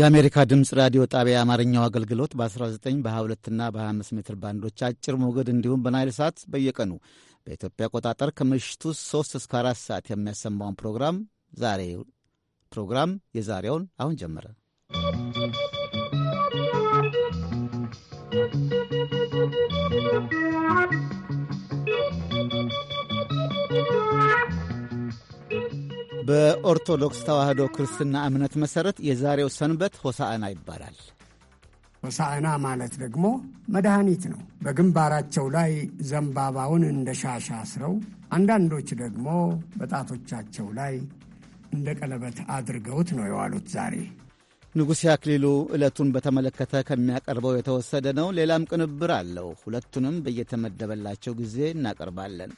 የአሜሪካ ድምፅ ራዲዮ ጣቢያ የአማርኛው አገልግሎት በ19 በ22ና በ25 ሜትር ባንዶች አጭር ሞገድ እንዲሁም በናይል ሰዓት በየቀኑ በኢትዮጵያ አቆጣጠር ከምሽቱ 3 እስከ 4 ሰዓት የሚያሰማውን ፕሮግራም ዛሬ ፕሮግራም የዛሬውን አሁን ጀመረ። በኦርቶዶክስ ተዋህዶ ክርስትና እምነት መሠረት የዛሬው ሰንበት ሆሳዕና ይባላል። ሆሳዕና ማለት ደግሞ መድኃኒት ነው። በግንባራቸው ላይ ዘንባባውን እንደ ሻሻ አስረው፣ አንዳንዶች ደግሞ በጣቶቻቸው ላይ እንደ ቀለበት አድርገውት ነው የዋሉት ዛሬ ንጉሴ አክሊሉ ዕለቱን በተመለከተ ከሚያቀርበው የተወሰደ ነው። ሌላም ቅንብር አለው። ሁለቱንም በየተመደበላቸው ጊዜ እናቀርባለን።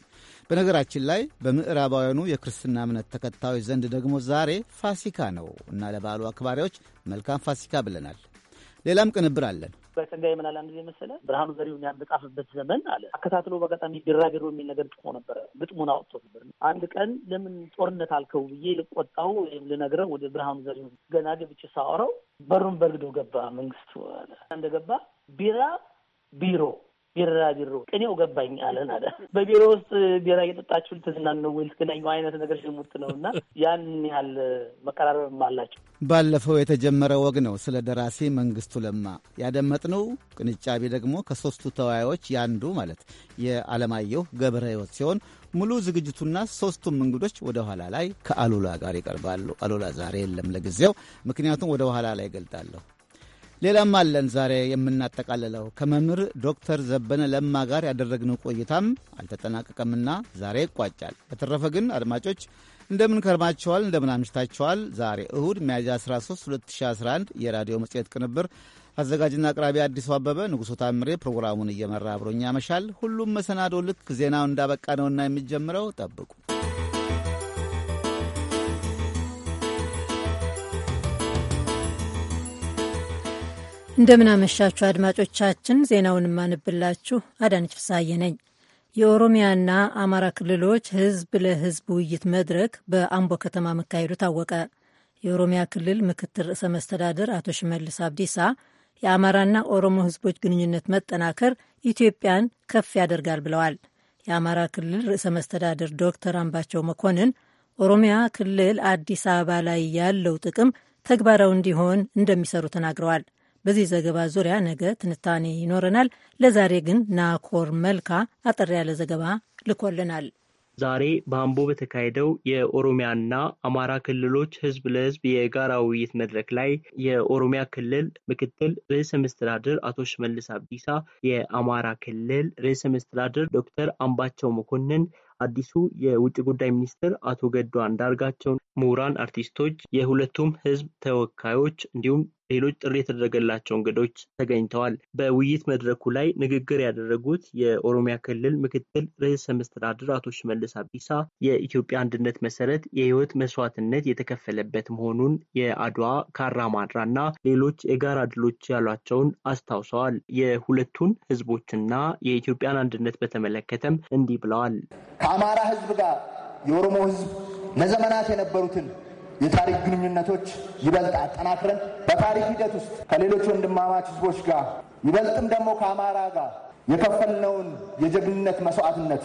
በነገራችን ላይ በምዕራባውያኑ የክርስትና እምነት ተከታዮች ዘንድ ደግሞ ዛሬ ፋሲካ ነው እና ለበዓሉ አክባሪዎች መልካም ፋሲካ ብለናል። ሌላም ቅንብር አለን። በጸጋዬ ምን አለ አንድ ጊዜ መሰለህ ብርሃኑ ዘሪሁን ያንበጣፍበት ዘመን አለ አከታትሎ በአጋጣሚ ድራድሮ የሚል ነገር ጽፎ ነበረ። ግጥሙን አውጥቶ ነበር። አንድ ቀን ለምን ጦርነት አልከው ብዬ ልቆጣው ወይም ልነግረው ወደ ብርሃኑ ዘሪሁን ገና ገብቼ ሳወራው በሩን በርግዶ ገባ መንግስቱ እንደገባ ቢራ ቢሮ ቢራቢሮ ቅኔው ገባኝ አለን አለ። በቢሮ ውስጥ ቢራ እየጠጣችሁ ልትዝናኑ ነው ወይ ልትገናኙ አይነት ነገር ሽሙጥ ነው እና ያን ያህል መቀራረብም አላቸው። ባለፈው የተጀመረ ወግ ነው። ስለ ደራሲ መንግስቱ ለማ ያደመጥነው ቅንጫቤ ደግሞ ከሶስቱ ተወያዮች ያንዱ ማለት የዓለማየሁ ገብረ ህይወት ሲሆን ሙሉ ዝግጅቱና ሶስቱም እንግዶች ወደ ኋላ ላይ ከአሉላ ጋር ይቀርባሉ። አሉላ ዛሬ የለም ለጊዜው፣ ምክንያቱም ወደ ኋላ ላይ ገልጣለሁ። ሌላም አለን ዛሬ የምናጠቃልለው ከመምህር ዶክተር ዘበነ ለማ ጋር ያደረግነው ቆይታም አልተጠናቀቀምና ዛሬ ይቋጫል። በተረፈ ግን አድማጮች እንደምን ከርማቸዋል? እንደምን አምሽታቸዋል? ዛሬ እሁድ ሚያዝያ 13 2011 የራዲዮ መጽሔት ቅንብር አዘጋጅና አቅራቢ አዲሱ አበበ፣ ንጉሶ ታምሬ ፕሮግራሙን እየመራ አብሮኛ ያመሻል። ሁሉም መሰናዶ ልክ ዜናው እንዳበቃ ነውና የሚጀምረው ጠብቁ። እንደምናመሻችሁ አድማጮቻችን፣ ዜናውን የማንብላችሁ አዳነች ፍሳዬ ነኝ። የኦሮሚያና አማራ ክልሎች ህዝብ ለህዝብ ውይይት መድረክ በአምቦ ከተማ መካሄዱ ታወቀ። የኦሮሚያ ክልል ምክትል ርዕሰ መስተዳድር አቶ ሽመልስ አብዲሳ የአማራና ኦሮሞ ህዝቦች ግንኙነት መጠናከር ኢትዮጵያን ከፍ ያደርጋል ብለዋል። የአማራ ክልል ርዕሰ መስተዳድር ዶክተር አምባቸው መኮንን ኦሮሚያ ክልል አዲስ አበባ ላይ ያለው ጥቅም ተግባራዊ እንዲሆን እንደሚሰሩ ተናግረዋል። በዚህ ዘገባ ዙሪያ ነገ ትንታኔ ይኖረናል። ለዛሬ ግን ናኮር መልካ አጠር ያለ ዘገባ ልኮልናል። ዛሬ በአምቦ በተካሄደው የኦሮሚያና አማራ ክልሎች ህዝብ ለህዝብ የጋራ ውይይት መድረክ ላይ የኦሮሚያ ክልል ምክትል ርዕሰ መስተዳድር አቶ ሽመልስ አብዲሳ፣ የአማራ ክልል ርዕሰ መስተዳድር ዶክተር አምባቸው መኮንን አዲሱ የውጭ ጉዳይ ሚኒስትር አቶ ገዱ አንዳርጋቸው፣ ምሁራን፣ አርቲስቶች፣ የሁለቱም ህዝብ ተወካዮች እንዲሁም ሌሎች ጥሪ የተደረገላቸው እንግዶች ተገኝተዋል። በውይይት መድረኩ ላይ ንግግር ያደረጉት የኦሮሚያ ክልል ምክትል ርዕሰ መስተዳድር አቶ ሽመልስ አብዲሳ የኢትዮጵያ አንድነት መሰረት የህይወት መስዋዕትነት የተከፈለበት መሆኑን የአድዋ ካራ ማድራ እና ሌሎች የጋራ ድሎች ያሏቸውን አስታውሰዋል። የሁለቱን ህዝቦችና የኢትዮጵያን አንድነት በተመለከተም እንዲህ ብለዋል። ከአማራ ህዝብ ጋር የኦሮሞ ህዝብ ለዘመናት የነበሩትን የታሪክ ግንኙነቶች ይበልጥ አጠናክረን በታሪክ ሂደት ውስጥ ከሌሎች ወንድማማች ህዝቦች ጋር ይበልጥም ደግሞ ከአማራ ጋር የከፈልነውን የጀግንነት መስዋዕትነት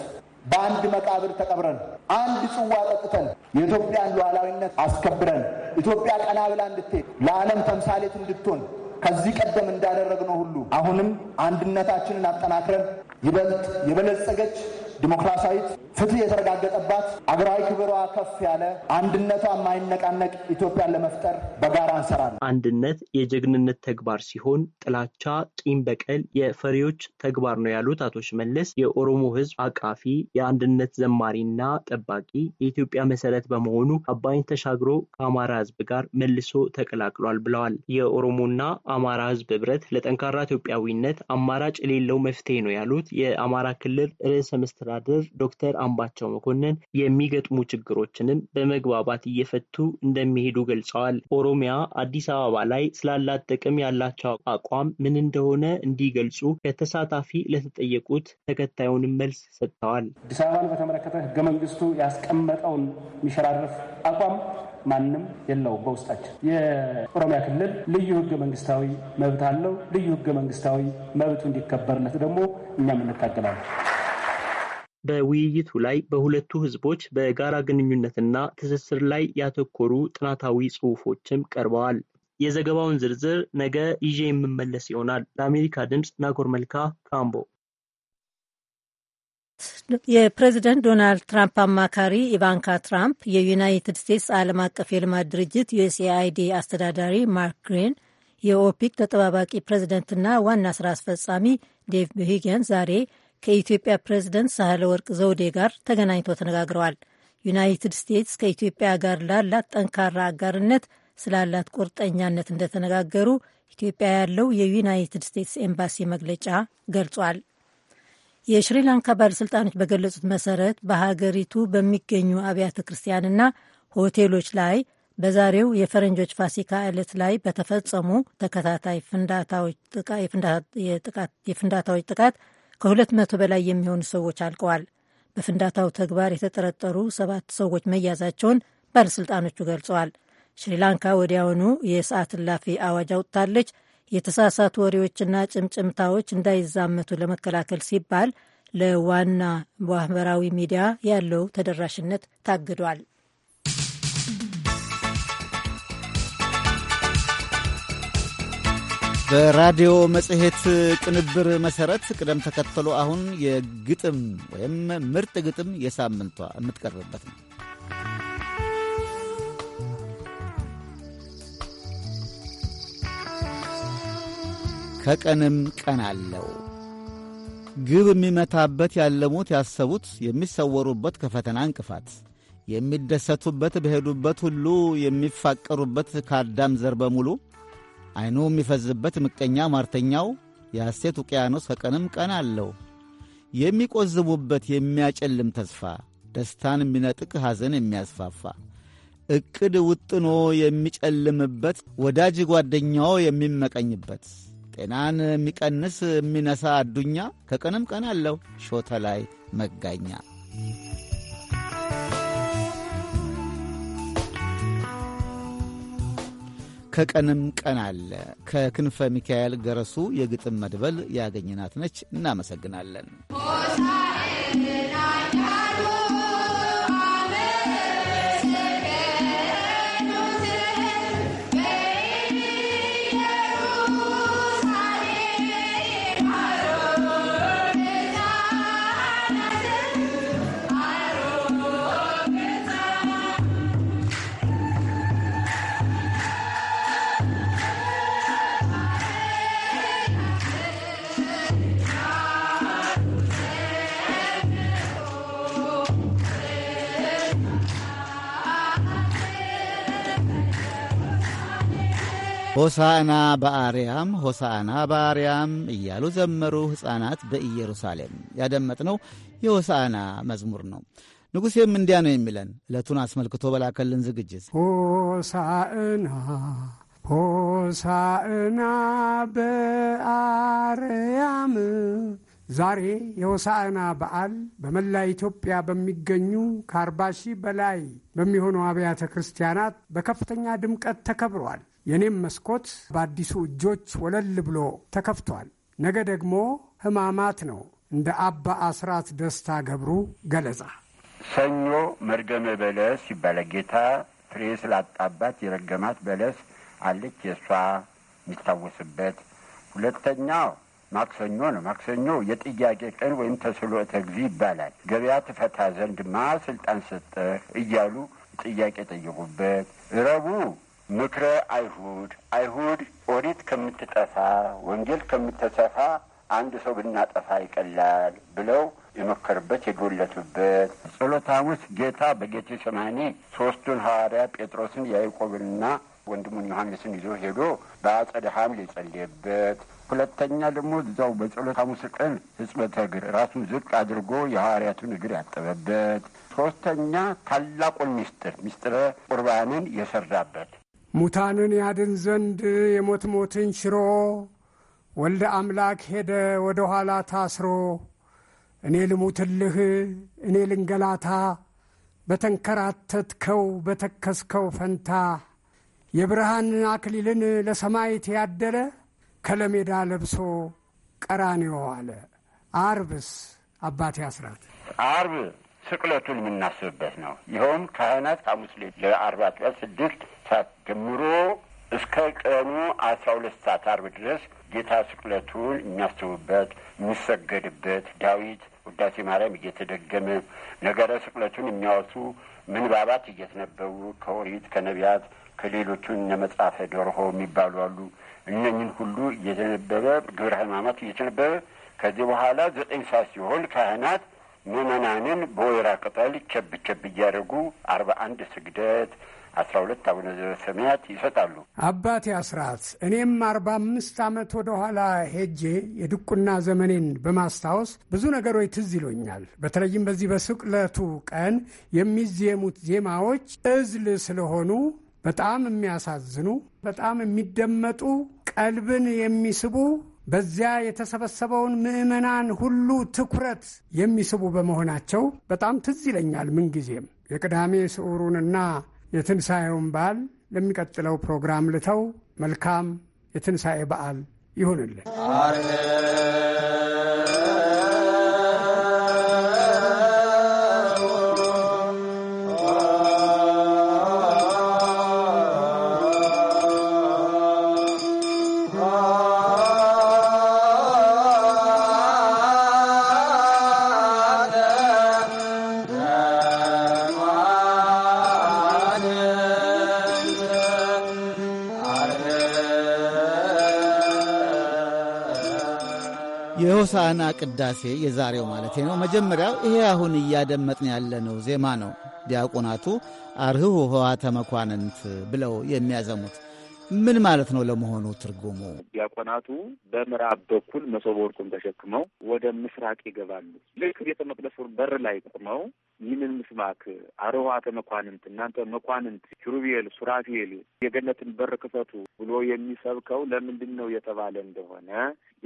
በአንድ መቃብር ተቀብረን አንድ ጽዋ ጠጥተን የኢትዮጵያን ሉዓላዊነት አስከብረን ኢትዮጵያ ቀና ብላ እንድትሄድ ለዓለም ተምሳሌት እንድትሆን ከዚህ ቀደም እንዳደረግነው ሁሉ አሁንም አንድነታችንን አጠናክረን ይበልጥ የበለጸገች ዲሞክራሲያዊት፣ ፍትህ የተረጋገጠባት፣ አገራዊ ክብሯ ከፍ ያለ፣ አንድነቷ የማይነቃነቅ ኢትዮጵያን ለመፍጠር በጋራ እንሰራለን። አንድነት የጀግንነት ተግባር ሲሆን ጥላቻ፣ ቂም በቀል የፈሪዎች ተግባር ነው ያሉት አቶ ሽመልስ የኦሮሞ ህዝብ አቃፊ የአንድነት ዘማሪና ጠባቂ የኢትዮጵያ መሰረት በመሆኑ አባይን ተሻግሮ ከአማራ ህዝብ ጋር መልሶ ተቀላቅሏል ብለዋል። የኦሮሞና አማራ ህዝብ ህብረት ለጠንካራ ኢትዮጵያዊነት አማራጭ የሌለው መፍትሄ ነው ያሉት የአማራ ክልል ርዕሰ አስተዳደር ዶክተር አምባቸው መኮንን የሚገጥሙ ችግሮችንም በመግባባት እየፈቱ እንደሚሄዱ ገልጸዋል። ኦሮሚያ አዲስ አበባ ላይ ስላላት ጥቅም ያላቸው አቋም ምን እንደሆነ እንዲገልጹ ከተሳታፊ ለተጠየቁት ተከታዩንም መልስ ሰጥተዋል። አዲስ አበባን በተመለከተ ህገ መንግስቱ ያስቀመጠውን የሚሸራርፍ አቋም ማንም የለው። በውስጣችን የኦሮሚያ ክልል ልዩ ህገ መንግስታዊ መብት አለው። ልዩ ህገ መንግስታዊ መብቱ እንዲከበርለት ደግሞ እኛም እንታገላለን። በውይይቱ ላይ በሁለቱ ህዝቦች በጋራ ግንኙነትና ትስስር ላይ ያተኮሩ ጥናታዊ ጽሑፎችም ቀርበዋል። የዘገባውን ዝርዝር ነገ ይዤ የምመለስ ይሆናል። ለአሜሪካ ድምፅ ናጎር መልካ ካምቦ። የፕሬዚደንት ዶናልድ ትራምፕ አማካሪ ኢቫንካ ትራምፕ የዩናይትድ ስቴትስ ዓለም አቀፍ የልማት ድርጅት ዩኤስኤአይዲ አስተዳዳሪ ማርክ ግሪን የኦፒክ ተጠባባቂ ፕሬዚደንትና ዋና ስራ አስፈጻሚ ዴቭ ብሂገን ዛሬ ከኢትዮጵያ ፕሬዝደንት ሳህለ ወርቅ ዘውዴ ጋር ተገናኝቶ ተነጋግረዋል። ዩናይትድ ስቴትስ ከኢትዮጵያ ጋር ላላት ጠንካራ አጋርነት ስላላት ቁርጠኛነት እንደተነጋገሩ ኢትዮጵያ ያለው የዩናይትድ ስቴትስ ኤምባሲ መግለጫ ገልጿል። የሽሪላንካ ባለሥልጣኖች በገለጹት መሰረት በሀገሪቱ በሚገኙ አብያተ ክርስቲያንና ሆቴሎች ላይ በዛሬው የፈረንጆች ፋሲካ ዕለት ላይ በተፈጸሙ ተከታታይ የፍንዳታዎች ጥቃት ከሁለት መቶ በላይ የሚሆኑ ሰዎች አልቀዋል። በፍንዳታው ተግባር የተጠረጠሩ ሰባት ሰዎች መያዛቸውን ባለሥልጣኖቹ ገልጸዋል። ሽሪላንካ ወዲያውኑ የሰዓት እላፊ አዋጅ አውጥታለች። የተሳሳቱ ወሬዎችና ጭምጭምታዎች እንዳይዛመቱ ለመከላከል ሲባል ለዋና ማህበራዊ ሚዲያ ያለው ተደራሽነት ታግዷል። በራዲዮ መጽሔት ቅንብር መሠረት ቅደም ተከተሉ አሁን የግጥም ወይም ምርጥ ግጥም የሳምንቷ የምትቀርብበት ነው። ከቀንም ቀን አለው ግብ የሚመታበት ያለሙት ያሰቡት የሚሰወሩበት ከፈተና እንቅፋት የሚደሰቱበት በሄዱበት ሁሉ የሚፋቀሩበት ከአዳም ዘር በሙሉ ዐይኑ የሚፈዝበት ምቀኛ ማርተኛው የሐሴት ውቅያኖስ ከቀንም ቀን አለው። የሚቈዝቡበት የሚያጨልም ተስፋ፣ ደስታን የሚነጥቅ ሐዘን የሚያስፋፋ ዕቅድ ውጥኖ የሚጨልምበት ወዳጅ ጓደኛው የሚመቀኝበት ጤናን የሚቀንስ የሚነሳ አዱኛ ከቀንም ቀን አለው ሾተ ላይ መጋኛ ከቀንም ቀን አለ ከክንፈ ሚካኤል ገረሱ የግጥም መድበል ያገኘናት ነች። እናመሰግናለን። ሆሳና በአርያም ሆሳና በአርያም እያሉ ዘመሩ ሕፃናት በኢየሩሳሌም። ያደመጥነው የሆሳና መዝሙር ነው። ንጉሴም እንዲያ ነው የሚለን ዕለቱን አስመልክቶ በላከልን ዝግጅት ሆሳዕና ሆሳዕና በአርያም ዛሬ የሆሳዕና በዓል በመላ ኢትዮጵያ በሚገኙ ከአርባ ሺህ በላይ በሚሆኑ አብያተ ክርስቲያናት በከፍተኛ ድምቀት ተከብሯል። የኔም መስኮት በአዲሱ እጆች ወለል ብሎ ተከፍቷል። ነገ ደግሞ ሕማማት ነው። እንደ አባ አስራት ደስታ ገብሩ ገለጻ ሰኞ መርገመ በለስ ይባላል። ጌታ ፍሬ ስላጣባት የረገማት በለስ አለች። የእሷ የሚታወስበት ሁለተኛው ማክሰኞ ነው። ማክሰኞ የጥያቄ ቀን ወይም ተስሎተ እግዚእ ይባላል። ገበያ ትፈታ ዘንድ ማ ስልጣን ሰጠህ እያሉ ጥያቄ ጠየቁበት። ረቡዕ ምክረ አይሁድ አይሁድ ኦሪት ከምትጠፋ ወንጌል ከምትሰፋ አንድ ሰው ብናጠፋ ይቀላል ብለው የመከርበት የጎለቱበት ጸሎተ ሐሙስ ጌታ በጌቴ ሰማኒ ሶስቱን ሐዋርያ ጴጥሮስን ያዕቆብንና ወንድሙን ዮሐንስን ይዞ ሄዶ በአጸደ ሐምል የጸለየበት ሁለተኛ ደግሞ እዛው በጸሎተ ሐሙስ ቀን ሕጽበተ እግር ራሱን ዝቅ አድርጎ የሐዋርያቱን እግር ያጠበበት ሶስተኛ ታላቁን ምስጢር ምስጢረ ቁርባንን የሰራበት ሙታንን ያድን ዘንድ የሞት ሞትን ሽሮ ወልደ አምላክ ሄደ ወደ ኋላ ታስሮ እኔ ልሙትልህ እኔ ልንገላታ በተንከራተትከው በተከስከው ፈንታ የብርሃን አክሊልን ለሰማይት ያደለ ከለሜዳ ለብሶ ቀራን አለ። አርብስ አባቴ አስራት አርብ ስቅለቱን የምናስብበት ነው። ይኸውም ካህናት ሐሙስ ለአርባ ቀን ስድስት ሰዓት ጀምሮ እስከ ቀኑ አስራ ሁለት ሰዓት አርብ ድረስ ጌታ ስቅለቱን የሚያስቡበት የሚሰገድበት ዳዊት ውዳሴ ማርያም እየተደገመ ነገረ ስቅለቱን የሚያወሱ ምንባባት እየተነበቡ ከኦሪት ከነቢያት ከሌሎቹን እነ መጽሐፈ ደርሆ የሚባሉ አሉ። እነኝን ሁሉ እየተነበበ ግብረ ሕማማት እየተነበበ ከዚህ በኋላ ዘጠኝ ሰዓት ሲሆን ካህናት ምእመናንን በወይራ ቅጠል ቸብ ቸብ እያደረጉ አርባ አንድ ስግደት አስራ ሁለት አቡነ ዘበሰማያት ይሰጣሉ። አባቴ አስራት እኔም አርባ አምስት ዓመት ወደ ኋላ ሄጄ የድቁና ዘመኔን በማስታወስ ብዙ ነገሮች ትዝ ይሎኛል። በተለይም በዚህ በስቅለቱ ቀን የሚዜሙት ዜማዎች እዝል ስለሆኑ በጣም የሚያሳዝኑ፣ በጣም የሚደመጡ፣ ቀልብን የሚስቡ በዚያ የተሰበሰበውን ምዕመናን ሁሉ ትኩረት የሚስቡ በመሆናቸው በጣም ትዝ ይለኛል። ምንጊዜም የቅዳሜ ስዑሩንና የትንሣኤውን በዓል ለሚቀጥለው ፕሮግራም ልተው። መልካም የትንሣኤ በዓል ይሁንልን። የሆሳና ቅዳሴ የዛሬው ማለቴ ነው። መጀመሪያው ይሄ አሁን እያደመጥን ያለነው ዜማ ነው። ዲያቆናቱ አርህሁ ኆኃተ መኳንንት ብለው የሚያዘሙት ምን ማለት ነው ለመሆኑ ትርጉሙ? ዲያቆናቱ በምዕራብ በኩል መሶበ ወርቁን ተሸክመው ወደ ምስራቅ ይገባሉ። ልክ ቤተ መቅደሱ በር ላይ ቆመው ይህንን ምስማክ አርዋተ መኳንንት እናንተ መኳንንት ኪሩቤል፣ ሱራፌል የገነትን በር ክፈቱ ብሎ የሚሰብከው ለምንድን ነው የተባለ እንደሆነ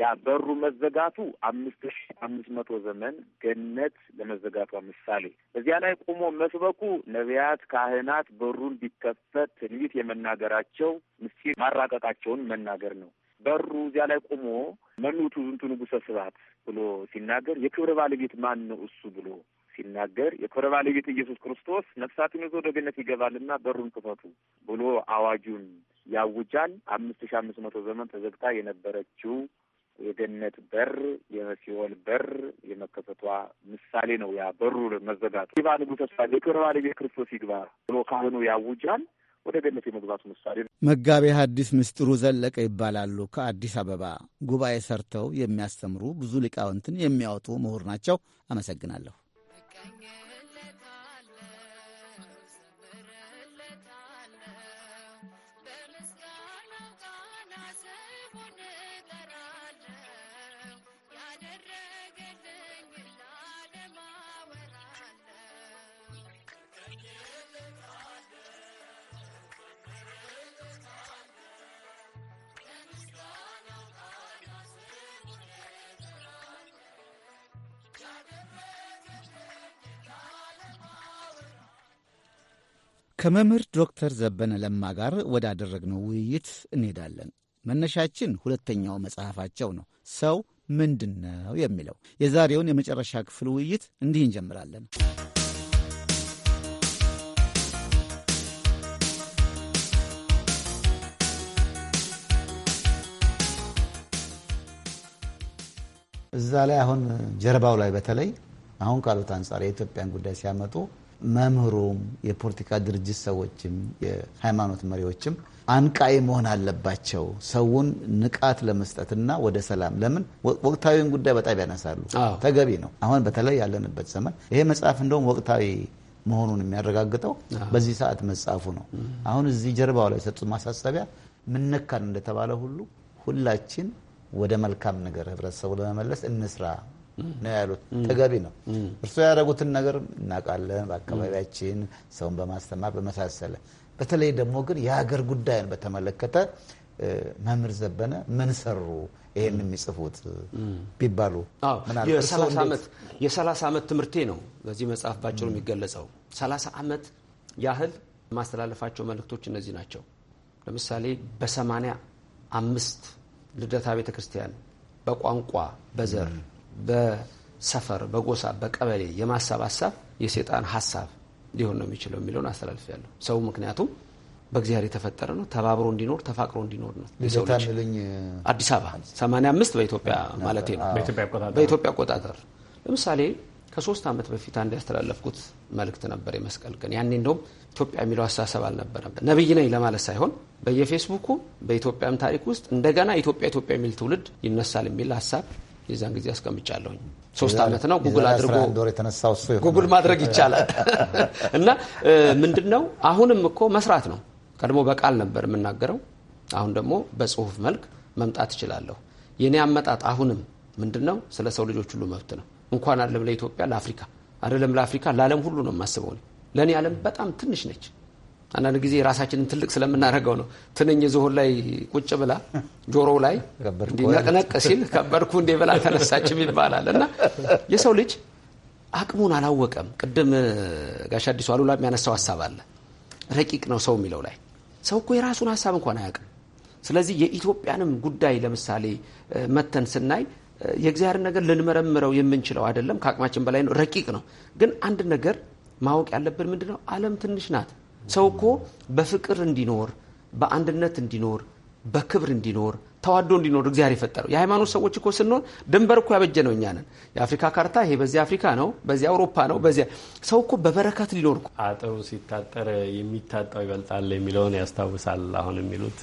ያ በሩ መዘጋቱ አምስት ሺ አምስት መቶ ዘመን ገነት ለመዘጋቷ ምሳሌ በዚያ ላይ ቆሞ መስበኩ ነቢያት፣ ካህናት በሩን ቢከፈት ትንቢት የመናገራቸው ምስጢር ማራቀቃቸውን መናገር ነው። በሩ እዚያ ላይ ቆሞ መኑቱ ዝንቱ ንጉሰ ስባት ብሎ ሲናገር የክብረ ባለቤት ማን ነው እሱ ብሎ ሲናገር የክብረ ባለቤት ኢየሱስ ክርስቶስ ነፍሳትን ይዞ ወደ ገነት ይገባልና በሩን ክፈቱ ብሎ አዋጁን ያውጃል። አምስት ሺ አምስት መቶ ዘመን ተዘግታ የነበረችው የገነት በር የሲኦል በር የመከፈቷ ምሳሌ ነው። ያ በሩ መዘጋቱ ይባ ንጉ ተስፋ የክብረ ባለቤት ክርስቶስ ይግባ ብሎ ካህኑ ያውጃል። ወደ ገነት የመግባቱ ምሳሌ ነው። መጋቤ ሐዲስ ምስጢሩ ዘለቀ ይባላሉ። ከአዲስ አበባ ጉባኤ ሰርተው የሚያስተምሩ ብዙ ሊቃውንትን የሚያወጡ ምሁር ናቸው። አመሰግናለሁ። singing. ከመምህር ዶክተር ዘበነ ለማ ጋር ወዳደረግነው ውይይት እንሄዳለን። መነሻችን ሁለተኛው መጽሐፋቸው ነው ሰው ምንድን ነው የሚለው። የዛሬውን የመጨረሻ ክፍል ውይይት እንዲህ እንጀምራለን። እዛ ላይ አሁን ጀርባው ላይ በተለይ አሁን ካሉት አንጻር የኢትዮጵያን ጉዳይ ሲያመጡ መምህሩም፣ የፖለቲካ ድርጅት ሰዎችም፣ የሃይማኖት መሪዎችም አንቃይ መሆን አለባቸው። ሰውን ንቃት ለመስጠትና ወደ ሰላም ለምን ወቅታዊውን ጉዳይ በጣም ያነሳሉ። ተገቢ ነው። አሁን በተለይ ያለንበት ዘመን ይሄ መጽሐፍ እንደውም ወቅታዊ መሆኑን የሚያረጋግጠው በዚህ ሰዓት መጽሐፉ ነው። አሁን እዚህ ጀርባው ላይ የሰጡት ማሳሰቢያ ምነካን እንደተባለ ሁሉ ሁላችን ወደ መልካም ነገር ህብረተሰቡ ለመመለስ እንስራ ነው ያሉት። ተገቢ ነው። እርሱ ያደረጉትን ነገር እናውቃለን። በአካባቢያችን ሰውን በማስተማር በመሳሰለ በተለይ ደግሞ ግን የሀገር ጉዳይን በተመለከተ መምህር ዘበነ ምን ሰሩ ይህን የሚጽፉት ቢባሉ የሰላሳ ዓመት ትምህርቴ ነው በዚህ መጽሐፍ ባጭሩ የሚገለጸው። ሰላሳ ዓመት ያህል የማስተላለፋቸው መልእክቶች እነዚህ ናቸው። ለምሳሌ በሰማንያ አምስት ልደታ ቤተ ክርስቲያን በቋንቋ በዘር በሰፈር በጎሳ በቀበሌ የማሰባሰብ የሴጣን ሀሳብ ሊሆን ነው የሚችለው የሚለውን አስተላልፍ ያለው። ሰው ምክንያቱም በእግዚአብሔር የተፈጠረ ነው። ተባብሮ እንዲኖር ተፋቅሮ እንዲኖር ነው አዲስ አበባ 85 በኢትዮጵያ ማለት ነው በኢትዮጵያ አቆጣጠር። ለምሳሌ ከሶስት ዓመት በፊት አንድ ያስተላለፍኩት መልእክት ነበር የመስቀል ቀን። ያኔ እንደውም ኢትዮጵያ የሚለው አስተሳሰብ አልነበረም። ነብይ ነኝ ለማለት ሳይሆን በየፌስቡኩ በኢትዮጵያም ታሪክ ውስጥ እንደገና ኢትዮጵያ ኢትዮጵያ የሚል ትውልድ ይነሳል የሚል ሀሳብ የዛን ጊዜ አስቀምጫለሁኝ። ሶስት ዓመት ነው ጉግል አድርጎ ጉግል ማድረግ ይቻላል። እና ምንድን ነው አሁንም እኮ መስራት ነው። ቀድሞ በቃል ነበር የምናገረው፣ አሁን ደግሞ በጽሁፍ መልክ መምጣት እችላለሁ። የእኔ አመጣጥ አሁንም ምንድን ነው ስለ ሰው ልጆች ሁሉ መብት ነው። እንኳን አለም ለኢትዮጵያ፣ ለአፍሪካ አደለም ለአፍሪካ፣ ለዓለም ሁሉ ነው የማስበው። ለእኔ ዓለም በጣም ትንሽ ነች። አንዳንድ ጊዜ ራሳችንን ትልቅ ስለምናደርገው ነው። ትንኝ ዝሆን ላይ ቁጭ ብላ ጆሮው ላይ ነቅነቅ ሲል ከበርኩ እንዴ ብላ ተነሳችም ይባላል እና የሰው ልጅ አቅሙን አላወቀም። ቅድም ጋሽ አዲሱ አሉላ የሚያነሳው ሀሳብ አለ። ረቂቅ ነው ሰው የሚለው ላይ ሰው እኮ የራሱን ሀሳብ እንኳን አያውቅም። ስለዚህ የኢትዮጵያንም ጉዳይ ለምሳሌ መተን ስናይ የእግዚአብሔር ነገር ልንመረምረው የምንችለው አይደለም፣ ከአቅማችን በላይ ነው፣ ረቂቅ ነው። ግን አንድ ነገር ማወቅ ያለብን ምንድን ነው? ዓለም ትንሽ ናት። ሰው እኮ በፍቅር እንዲኖር፣ በአንድነት እንዲኖር፣ በክብር እንዲኖር ተዋዶ እንዲኖር እግዚአብሔር የፈጠረው የሃይማኖት ሰዎች እኮ ስንሆን ድንበር እኮ ያበጀ ነው እኛ ነን። የአፍሪካ ካርታ ይሄ በዚህ አፍሪካ ነው፣ በዚህ አውሮፓ ነው፣ በዚያ ሰው እኮ በበረከት ሊኖር እኮ አጥሩ ሲታጠር የሚታጣው ይበልጣል የሚለውን ያስታውሳል። አሁን የሚሉት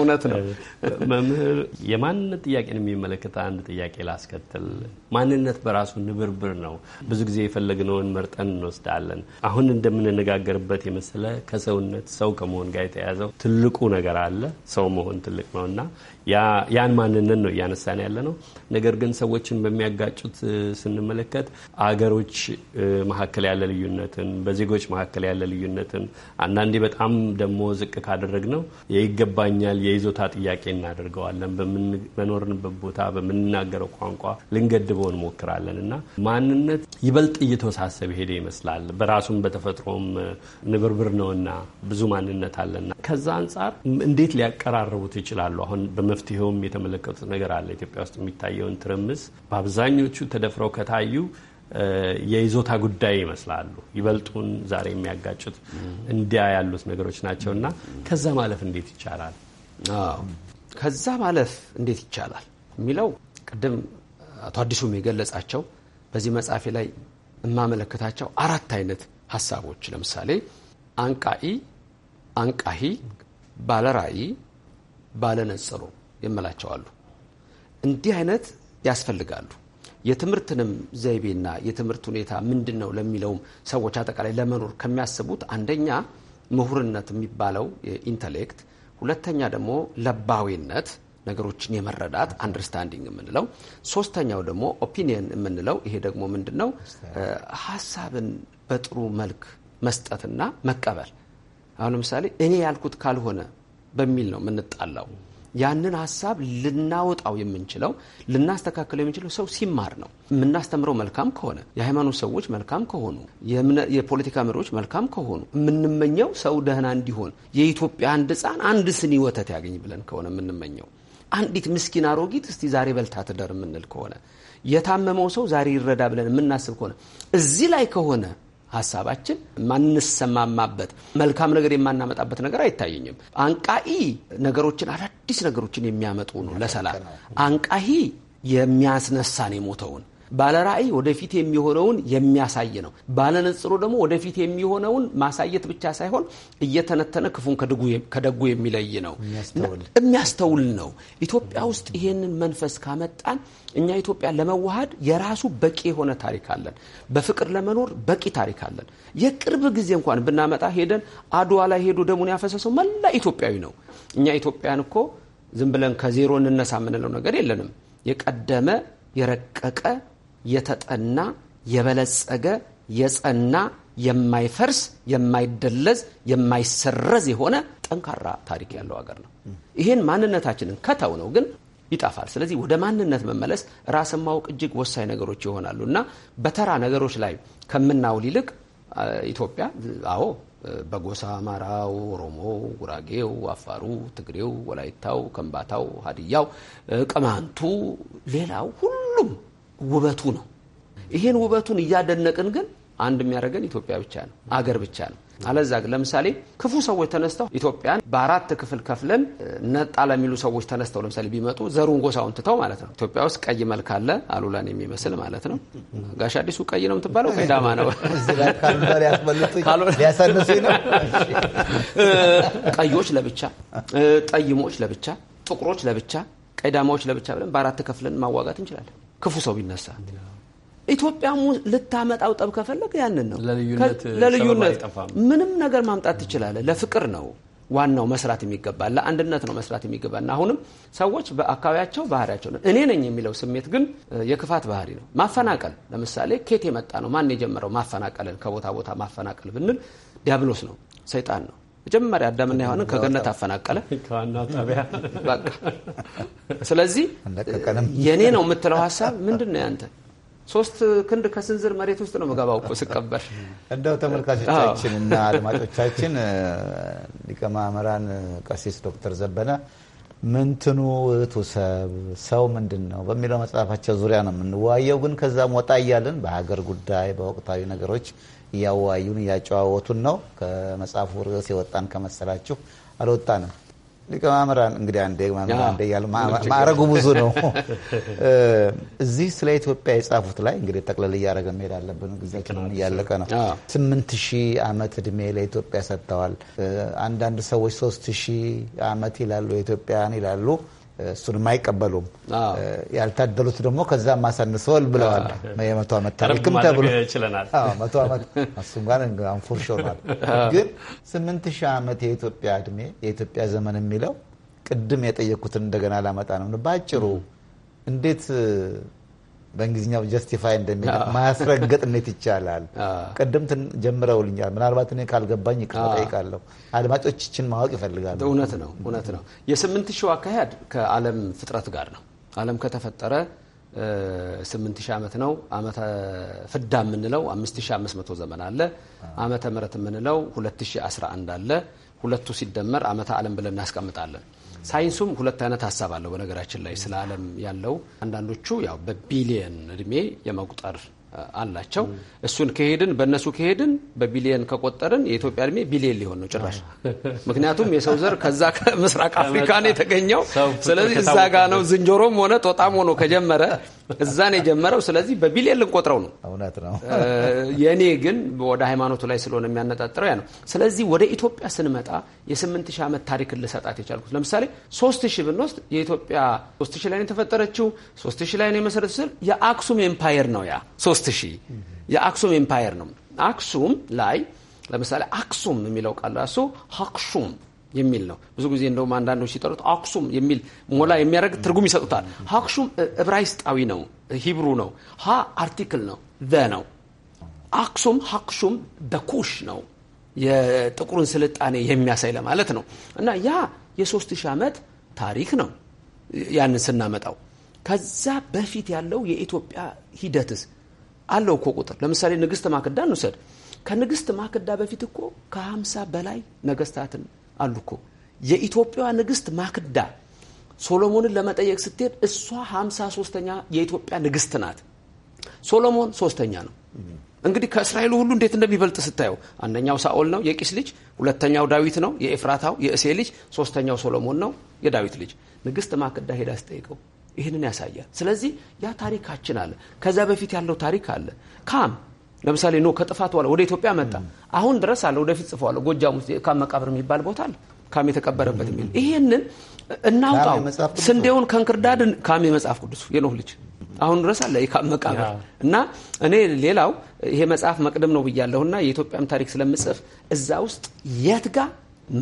እውነት ነው። መምህር፣ የማንነት ጥያቄን የሚመለከት አንድ ጥያቄ ላስከትል። ማንነት በራሱ ንብርብር ነው። ብዙ ጊዜ የፈለግነውን መርጠን እንወስዳለን። አሁን እንደምንነጋገርበት የመሰለ ከሰውነት ሰው ከመሆን ጋር የተያያዘው ትልቁ ነገር አለ። ሰው መሆን ትልቅ ነውና ያን ማንነት ነው እያነሳን ያለ ነው። ነገር ግን ሰዎችን በሚያጋጩት ስንመለከት አገሮች መካከል ያለ ልዩነትን፣ በዜጎች መካከል ያለ ልዩነትን አንዳንዴ በጣም ደግሞ ዝቅ ካደረግ ነው ይገባኛል የይዞታ ጥያቄ እናደርገዋለን። በምንኖርንበት ቦታ በምንናገረው ቋንቋ ልንገድበው እንሞክራለን እና ማንነት ይበልጥ እየተወሳሰበ ሄደ ይመስላል። በራሱም በተፈጥሮም ንብርብር ነውና ብዙ ማንነት አለና ከዛ አንጻር እንዴት ሊያቀራርቡት ይችላሉ? አሁን መፍትሄውም የተመለከቱት ነገር አለ። ኢትዮጵያ ውስጥ የሚታየውን ትርምስ በአብዛኞቹ ተደፍረው ከታዩ የይዞታ ጉዳይ ይመስላሉ። ይበልጡን ዛሬ የሚያጋጩት እንዲያ ያሉት ነገሮች ናቸው እና ከዛ ማለፍ እንዴት ይቻላል? ከዛ ማለፍ እንዴት ይቻላል የሚለው ቅድም አቶ አዲሱም የገለጻቸው በዚህ መጽሐፌ ላይ የማመለከታቸው አራት አይነት ሀሳቦች ለምሳሌ አንቃኢ፣ አንቃሂ፣ ባለራእይ፣ ባለነጽሮ የመላቸዋሉ። እንዲህ አይነት ያስፈልጋሉ። የትምህርትንም ዘይቤና የትምህርት ሁኔታ ምንድን ነው ለሚለውም ሰዎች አጠቃላይ ለመኖር ከሚያስቡት አንደኛ ምሁርነት የሚባለው ኢንተሌክት፣ ሁለተኛ ደግሞ ለባዊነት ነገሮችን የመረዳት አንደርስታንዲንግ የምንለው፣ ሶስተኛው ደግሞ ኦፒኒየን የምንለው ይሄ ደግሞ ምንድን ነው ሀሳብን በጥሩ መልክ መስጠትና መቀበል። አሁን ለምሳሌ እኔ ያልኩት ካልሆነ በሚል ነው የምንጣላው ያንን ሀሳብ ልናወጣው የምንችለው ልናስተካክለው የምንችለው ሰው ሲማር ነው። የምናስተምረው መልካም ከሆነ የሃይማኖት ሰዎች መልካም ከሆኑ፣ የፖለቲካ መሪዎች መልካም ከሆኑ የምንመኘው ሰው ደህና እንዲሆን የኢትዮጵያ አንድ ህፃን አንድ ስኒ ወተት ያገኝ ብለን ከሆነ የምንመኘው አንዲት ምስኪን አሮጊት እስቲ ዛሬ በልታ ትደር የምንል ከሆነ የታመመው ሰው ዛሬ ይረዳ ብለን የምናስብ ከሆነ እዚህ ላይ ከሆነ ሀሳባችን ማንሰማማበት መልካም ነገር የማናመጣበት ነገር አይታየኝም። አንቃኢ ነገሮችን አዳዲስ ነገሮችን የሚያመጡ ነው ለሰላም አንቃሂ የሚያስነሳን የሞተውን ባለ ራእይ ወደፊት የሚሆነውን የሚያሳይ ነው። ባለ ንጽሩ ደግሞ ወደፊት የሚሆነውን ማሳየት ብቻ ሳይሆን እየተነተነ ክፉን ከደጉ የሚለይ ነው፣ የሚያስተውል ነው። ኢትዮጵያ ውስጥ ይሄንን መንፈስ ካመጣን እኛ ኢትዮጵያ ለመዋሃድ የራሱ በቂ የሆነ ታሪክ አለን። በፍቅር ለመኖር በቂ ታሪክ አለን። የቅርብ ጊዜ እንኳን ብናመጣ ሄደን አድዋ ላይ ሄዶ ደሙን ያፈሰሰው መላ ኢትዮጵያዊ ነው። እኛ ኢትዮጵያን እኮ ዝም ብለን ከዜሮ እንነሳ የምንለው ነገር የለንም። የቀደመ የረቀቀ የተጠና የበለጸገ የጸና የማይፈርስ የማይደለዝ የማይሰረዝ የሆነ ጠንካራ ታሪክ ያለው ሀገር ነው። ይህን ማንነታችንን ከተው ነው ግን ይጠፋል። ስለዚህ ወደ ማንነት መመለስ ራስን ማወቅ እጅግ ወሳኝ ነገሮች ይሆናሉ እና በተራ ነገሮች ላይ ከምናውል ይልቅ ኢትዮጵያ አዎ በጎሳ አማራው፣ ኦሮሞው፣ ጉራጌው፣ አፋሩ፣ ትግሬው፣ ወላይታው፣ ከምባታው፣ ሀዲያው፣ ቅማንቱ፣ ሌላው ሁሉም ውበቱ ነው። ይህን ውበቱን እያደነቅን ግን አንድ የሚያደርገን ኢትዮጵያ ብቻ ነው፣ አገር ብቻ ነው። አለዛ ግን ለምሳሌ ክፉ ሰዎች ተነስተው ኢትዮጵያን በአራት ክፍል ከፍለን ነጣ ለሚሉ ሰዎች ተነስተው ለምሳሌ ቢመጡ ዘሩን ጎሳውን ትተው ማለት ነው። ኢትዮጵያ ውስጥ ቀይ መልክ አለ፣ አሉላን የሚመስል ማለት ነው። ጋሽ አዲሱ ቀይ ነው የምትባለው ቀዳማ ነው። ቀዮች ለብቻ፣ ጠይሞች ለብቻ፣ ጥቁሮች ለብቻ፣ ቀዳማዎች ለብቻ ብለን በአራት ክፍልን ማዋጋት እንችላለን። ክፉ ሰው ቢነሳ ኢትዮጵያም ልታመጣው ጠብ ከፈለግ ያንን ነው። ለልዩነት ምንም ነገር ማምጣት ትችላለህ። ለፍቅር ነው ዋናው መስራት የሚገባ ለአንድነት ነው መስራት የሚገባ እና አሁንም ሰዎች በአካባቢያቸው ባህሪያቸው ነው እኔ ነኝ የሚለው ስሜት ግን የክፋት ባህሪ ነው። ማፈናቀል ለምሳሌ ኬት የመጣ ነው? ማን የጀመረው ማፈናቀልን ከቦታ ቦታ ማፈናቀል ብንል ዲያብሎስ ነው፣ ሰይጣን ነው። መጀመሪያ አዳምና ሔዋንን ከገነት አፈናቀለ። ስለዚህ የእኔ ነው የምትለው ሀሳብ ምንድን ነው ያንተ? ሶስት ክንድ ከስንዝር መሬት ውስጥ ነው መገባው እኮ ስቀበር። እንደው ተመልካቾቻችን እና አድማጮቻችን ሊቀ ማእምራን ቀሲስ ዶክተር ዘበነ ምንትኑ ውእቱ ሰብ ሰው ምንድን ነው በሚለው መጽሐፋቸው ዙሪያ ነው የምንወያየው። ግን ከዛም ወጣ እያለን በሀገር ጉዳይ በወቅታዊ ነገሮች እያዋዩን እያጨዋወቱን ነው። ከመጽሐፉ ርዕስ የወጣን ከመሰላችሁ አልወጣንም። ሊቀማምራን እንግዲህ አንዴ አንዴ እያሉ ማዕረጉ ብዙ ነው። እዚህ ስለ ኢትዮጵያ የጻፉት ላይ እንግዲህ ጠቅለል እያደረገ መሄድ አለብን። ጊዜያችንን እያለቀ ነው። ስምንት ሺህ ዓመት እድሜ ለኢትዮጵያ ሰጥተዋል። አንዳንድ ሰዎች ሶስት ሺህ ዓመት ይላሉ፣ የኢትዮጵያን ይላሉ። እሱንም አይቀበሉም። ያልታደሉት ደግሞ ከዛ አሳንሰዋል ብለዋል። የመቶ ዓመት ታሪክም ተብሎ መቶ ዓመት እሱም ጋር አንፎርሽ ግን ስምንት ሺህ ዓመት የኢትዮጵያ እድሜ የኢትዮጵያ ዘመን የሚለው ቅድም የጠየኩትን እንደገና ላመጣ ነው። በአጭሩ እንዴት በእንግሊዝኛው ጀስቲፋይ እንደሚል ማያስረግጥ እንዴት ይቻላል? ቅድም ጀምረውልኛል። ምናልባት እኔ ካልገባኝ ይቅርታ እጠይቃለሁ። አድማጮችን ማወቅ ይፈልጋሉ። እውነት ነው፣ እውነት ነው። የስምንት ሺው አካሄድ ከዓለም ፍጥረት ጋር ነው። ዓለም ከተፈጠረ ስምንት ሺህ ዓመት ነው። ዓመተ ፍዳ የምንለው አምስት ሺህ አምስት መቶ ዘመን አለ። ዓመተ ምሕረት የምንለው ሁለት ሺህ አስራ አንድ አለ። ሁለቱ ሲደመር ዓመተ ዓለም ብለን እናስቀምጣለን። ሳይንሱም ሁለት አይነት ሀሳብ አለው። በነገራችን ላይ ስለ ዓለም ያለው አንዳንዶቹ ያው በቢሊየን እድሜ የመቁጠር አላቸው። እሱን ከሄድን በእነሱ ከሄድን በቢሊየን ከቆጠርን የኢትዮጵያ እድሜ ቢሊየን ሊሆን ነው ጭራሽ። ምክንያቱም የሰው ዘር ከዛ ከምስራቅ አፍሪካ ነው የተገኘው። ስለዚህ እዛ ጋ ነው ዝንጀሮም ሆነ ጦጣም ሆኖ ከጀመረ እዛ ነው የጀመረው። ስለዚህ በቢሊየን ልንቆጥረው ነው። እውነት ነው። የእኔ ግን ወደ ሃይማኖቱ ላይ ስለሆነ የሚያነጣጥረው ያ ነው። ስለዚህ ወደ ኢትዮጵያ ስንመጣ የስምንት ሺህ ዓመት ታሪክን ልሰጣት የቻልኩት ለምሳሌ ሶስት ሺህ ብንወስድ የኢትዮጵያ ሶስት ሺህ ላይ ነው የተፈጠረችው። ሶስት ሺህ ላይ ነው የመሰረቱ ስል የአክሱም ኤምፓየር ነው ያ ሶስት ሺህ የአክሱም ኤምፓየር ነው። አክሱም ላይ ለምሳሌ አክሱም የሚለው ቃል ራሱ ሀክሹም የሚል ነው። ብዙ ጊዜ እንደውም አንዳንዶች ሲጠሩት አክሱም የሚል ሞላ የሚያደርግ ትርጉም ይሰጡታል። አክሱም እብራይስጣዊ ነው፣ ሂብሩ ነው። ሀ አርቲክል ነው፣ ዘ ነው። አክሱም ሀክሱም በኩሽ ነው የጥቁሩን ስልጣኔ የሚያሳይ ለማለት ነው። እና ያ የሶስት ሺህ ዓመት ታሪክ ነው። ያንን ስናመጣው ከዛ በፊት ያለው የኢትዮጵያ ሂደትስ አለው እኮ ቁጥር። ለምሳሌ ንግስት ማክዳ ውሰድ። ከንግስት ማክዳ በፊት እኮ ከሀምሳ በላይ ነገስታትን አሉ እኮ የኢትዮጵያ ንግስት ማክዳ ሶሎሞንን ለመጠየቅ ስትሄድ እሷ 53ተኛ የኢትዮጵያ ንግስት ናት። ሶሎሞን ሶስተኛ ነው። እንግዲህ ከእስራኤሉ ሁሉ እንዴት እንደሚበልጥ ስታየው አንደኛው ሳኦል ነው የቂስ ልጅ፣ ሁለተኛው ዳዊት ነው የኤፍራታው የእሴ ልጅ፣ ሶስተኛው ሶሎሞን ነው የዳዊት ልጅ። ንግስት ማክዳ ሄዳ ስጠይቀው ይህንን ያሳያል። ስለዚህ ያ ታሪካችን አለ። ከዛ በፊት ያለው ታሪክ አለ ካም ለምሳሌ ኖ ከጥፋት በኋላ ወደ ኢትዮጵያ መጣ። አሁን ድረስ አለ ወደፊት ጽፈዋለሁ። ጎጃም ውስጥ ካም መቃብር የሚባል ቦታ አለ ካም የተቀበረበት የሚል ይህንን እናውጣው። ስንዴውን ከእንክርዳድን ካም የመጽሐፍ ቅዱስ የኖህ ልጅ አሁን ድረስ አለ የካም መቃብር እና እኔ ሌላው ይሄ መጽሐፍ መቅደም ነው ብያለሁ ብያለሁና የኢትዮጵያም ታሪክ ስለምጽፍ እዛ ውስጥ የት ጋ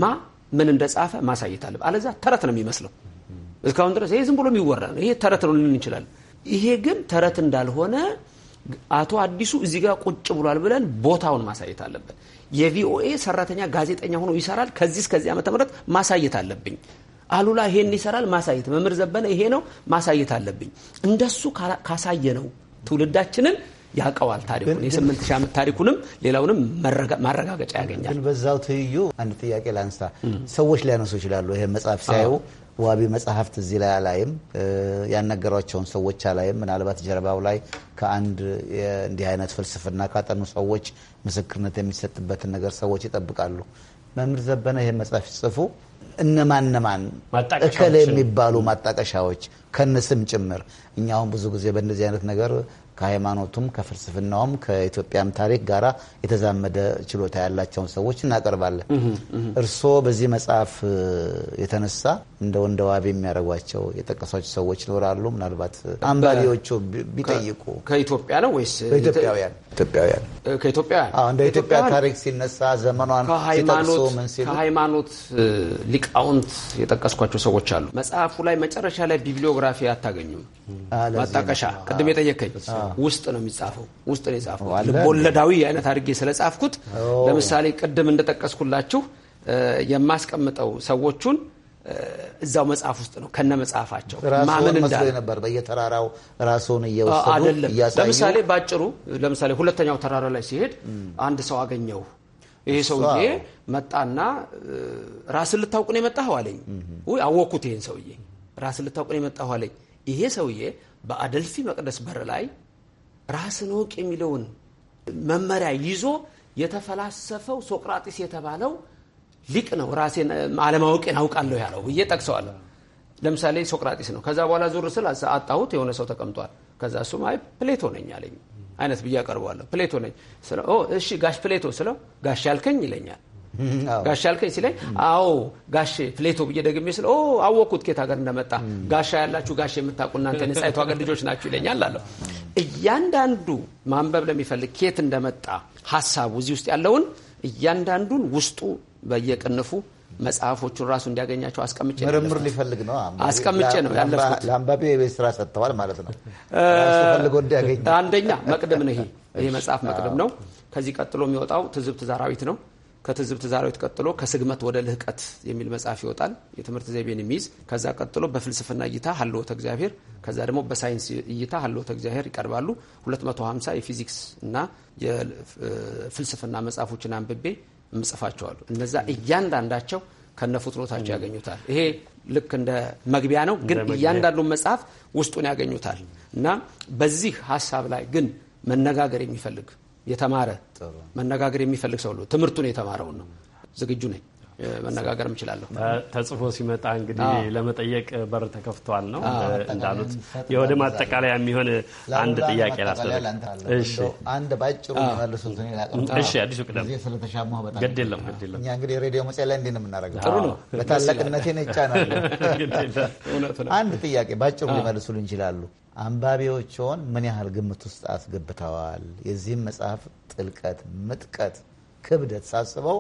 ማ ምን እንደጻፈ ማሳየት አለ። አለዛ ተረት ነው የሚመስለው። እስካሁን ድረስ ይሄ ዝም ብሎ የሚወራ ነው። ይሄ ተረት ነው ልን እንችላለን። ይሄ ግን ተረት እንዳልሆነ አቶ አዲሱ እዚህ ጋር ቁጭ ብሏል ብለን ቦታውን ማሳየት አለብን። የቪኦኤ ሰራተኛ ጋዜጠኛ ሆኖ ይሰራል፣ ከዚህ እስከዚህ ዓመተ ምህረት ማሳየት አለብኝ። አሉላ ይሄን ይሰራል፣ ማሳየት መምህር ዘበነ ይሄ ነው፣ ማሳየት አለብኝ። እንደሱ ካሳየ ነው ትውልዳችንን ያውቀዋል ታሪኩን የስምንት ሺህ ዓመት ታሪኩንም ሌላውንም ማረጋገጫ ያገኛል። ግን በዛው ትይዩ አንድ ጥያቄ ላንሳ። ሰዎች ሊያነሱ ይችላሉ። ይሄ መጽሐፍ ሲያዩ ዋቢ መጽሐፍት እዚህ ላይ አላይም። ያነገሯቸውን ሰዎች አላይም። ምናልባት ጀርባው ላይ ከአንድ እንዲህ አይነት ፍልስፍና ካጠኑ ሰዎች ምስክርነት የሚሰጥበትን ነገር ሰዎች ይጠብቃሉ። መምህር ዘበነ ይህን መጽሐፍ ሲጽፉ እነማን እነማን እከሌ የሚባሉ ማጣቀሻዎች ከነስም ጭምር እኛሁን ብዙ ጊዜ በእንደዚህ አይነት ነገር ከሃይማኖቱም ከፍልስፍናውም ከኢትዮጵያም ታሪክ ጋራ የተዛመደ ችሎታ ያላቸውን ሰዎች እናቀርባለን። እርስዎ በዚህ መጽሐፍ የተነሳ እንደ ዋቢ የሚያደርጓቸው የጠቀሷቸው ሰዎች ይኖራሉ። ምናልባት አንባቢዎቹ ቢጠይቁ ከኢትዮጵያ ነው ወይስ ኢትዮጵያውያን? ኢትዮጵያውያን ከኢትዮጵያውያን እንደ ኢትዮጵያ ታሪክ ሲነሳ ዘመኗን ሲጠቅሱ ምን ሲሉ ከሃይማኖት ሊቃውንት የጠቀስኳቸው ሰዎች አሉ። መጽሐፉ ላይ መጨረሻ ላይ ቢብሊዮግራፊ አታገኙም። ማጣቀሻ ቅድም የጠየቀኝ ውስጥ ነው የሚጻፈው። ውስጥ ነው የጻፈው። ልቦለዳዊ አይነት አድርጌ ስለጻፍኩት፣ ለምሳሌ ቅድም እንደጠቀስኩላችሁ የማስቀምጠው ሰዎቹን እዛው መጽሐፍ ውስጥ ነው ከነ መጽሐፋቸው ማመን እንዳለ ነበር። በየተራራው ራሱን እየወሰዱ ለምሳሌ ባጭሩ፣ ለምሳሌ ሁለተኛው ተራራ ላይ ሲሄድ አንድ ሰው አገኘው። ይሄ ሰውዬ መጣና ራስን ልታውቅ ነው የመጣኸው አለኝ። ውይ አወቅኩት፣ ይሄን ሰውዬ ራስን ልታውቅ ነው የመጣኸው አለኝ። ይሄ ሰውዬ በአደልፊ መቅደስ በር ላይ ራስን ወቅ የሚለውን መመሪያ ይዞ የተፈላሰፈው ሶቅራጢስ የተባለው ሊቅ ነው። ራሴን አለማወቅን አውቃለሁ ያለው ብዬ ጠቅሰዋለሁ። ለምሳሌ ሶቅራጢስ ነው። ከዛ በኋላ ዞር ስል አጣሁት፣ የሆነ ሰው ተቀምጧል። ከዛ እሱም አይ ፕሌቶ ነኝ አለኝ አይነት ብዬ አቀርበዋለሁ። ፕሌቶ ነኝ ስለው እሺ ጋሽ ፕሌቶ ስለው ጋሽ ያልከኝ ይለኛል። ጋሽ ያልከኝ ሲለኝ አዎ ጋሽ ፍሌቶ ብዬ ደግሜ ስለ አወቅኩት ኬት ሀገር እንደመጣ ጋሻ ያላችሁ ጋሽ የምታውቁ እናንተ ነጻይቱ ሀገር ልጆች ናችሁ ይለኛል አለው። እያንዳንዱ ማንበብ ለሚፈልግ ኬት እንደመጣ ሀሳቡ እዚህ ውስጥ ያለውን እያንዳንዱን ውስጡ በየቅንፉ መጽሐፎቹን ራሱ እንዲያገኛቸው አስቀምጬ ምርምር ሊፈልግ ነው አስቀምጬ ነው ያለፍኩት። ለአንባቢ የቤት ስራ ሰጥተዋል ማለት ነው። ፈልጎ እንዲያገኝ አንደኛ መቅደም ነው። ይሄ ይሄ መጽሐፍ መቅደም ነው። ከዚህ ቀጥሎ የሚወጣው ትዝብት ዛራዊት ነው። ከትዝብት ዛሬዎት ቀጥሎ ከስግመት ወደ ልህቀት የሚል መጽሐፍ ይወጣል፣ የትምህርት ዘይቤን የሚይዝ ከዛ ቀጥሎ በፍልስፍና እይታ ሀልዎተ እግዚአብሔር፣ ከዛ ደግሞ በሳይንስ እይታ ሀልዎተ እግዚአብሔር ይቀርባሉ። 250 የፊዚክስ እና የፍልስፍና መጽሐፎችን አንብቤ እምጽፋቸዋሉ። እነዛ እያንዳንዳቸው ከነ ያገኙታል። ይሄ ልክ እንደ መግቢያ ነው፣ ግን እያንዳንዱ መጽሐፍ ውስጡን ያገኙታል እና በዚህ ሀሳብ ላይ ግን መነጋገር የሚፈልግ የተማረ መነጋገር የሚፈልግ ሰው ነው። ትምህርቱን የተማረውን ነው። ዝግጁ ነኝ። መነጋገር እንችላለሁ። ተጽፎ ሲመጣ እንግዲህ ለመጠየቅ በር ተከፍቷል ነው እንዳሉት። የወደ ማጠቃለያ የሚሆን አንድ ጥያቄ ላስበል። ባጭሩ መልሱት አዲሱ ቅደም ስለተሻማ በጣም ግድ የለም ግድ የለም። እኛ እንግዲህ ሬዲዮ መጽ ላይ እንዲህ ነው የምናደርገው። ጥሩ ነው። በታላቅነቴን ይጫናል። አንድ ጥያቄ ባጭሩ ሊመልሱል እንችላሉ። አንባቢዎችን ምን ያህል ግምት ውስጥ አስገብተዋል? የዚህም መጽሐፍ ጥልቀት፣ ምጥቀት፣ ክብደት ሳስበው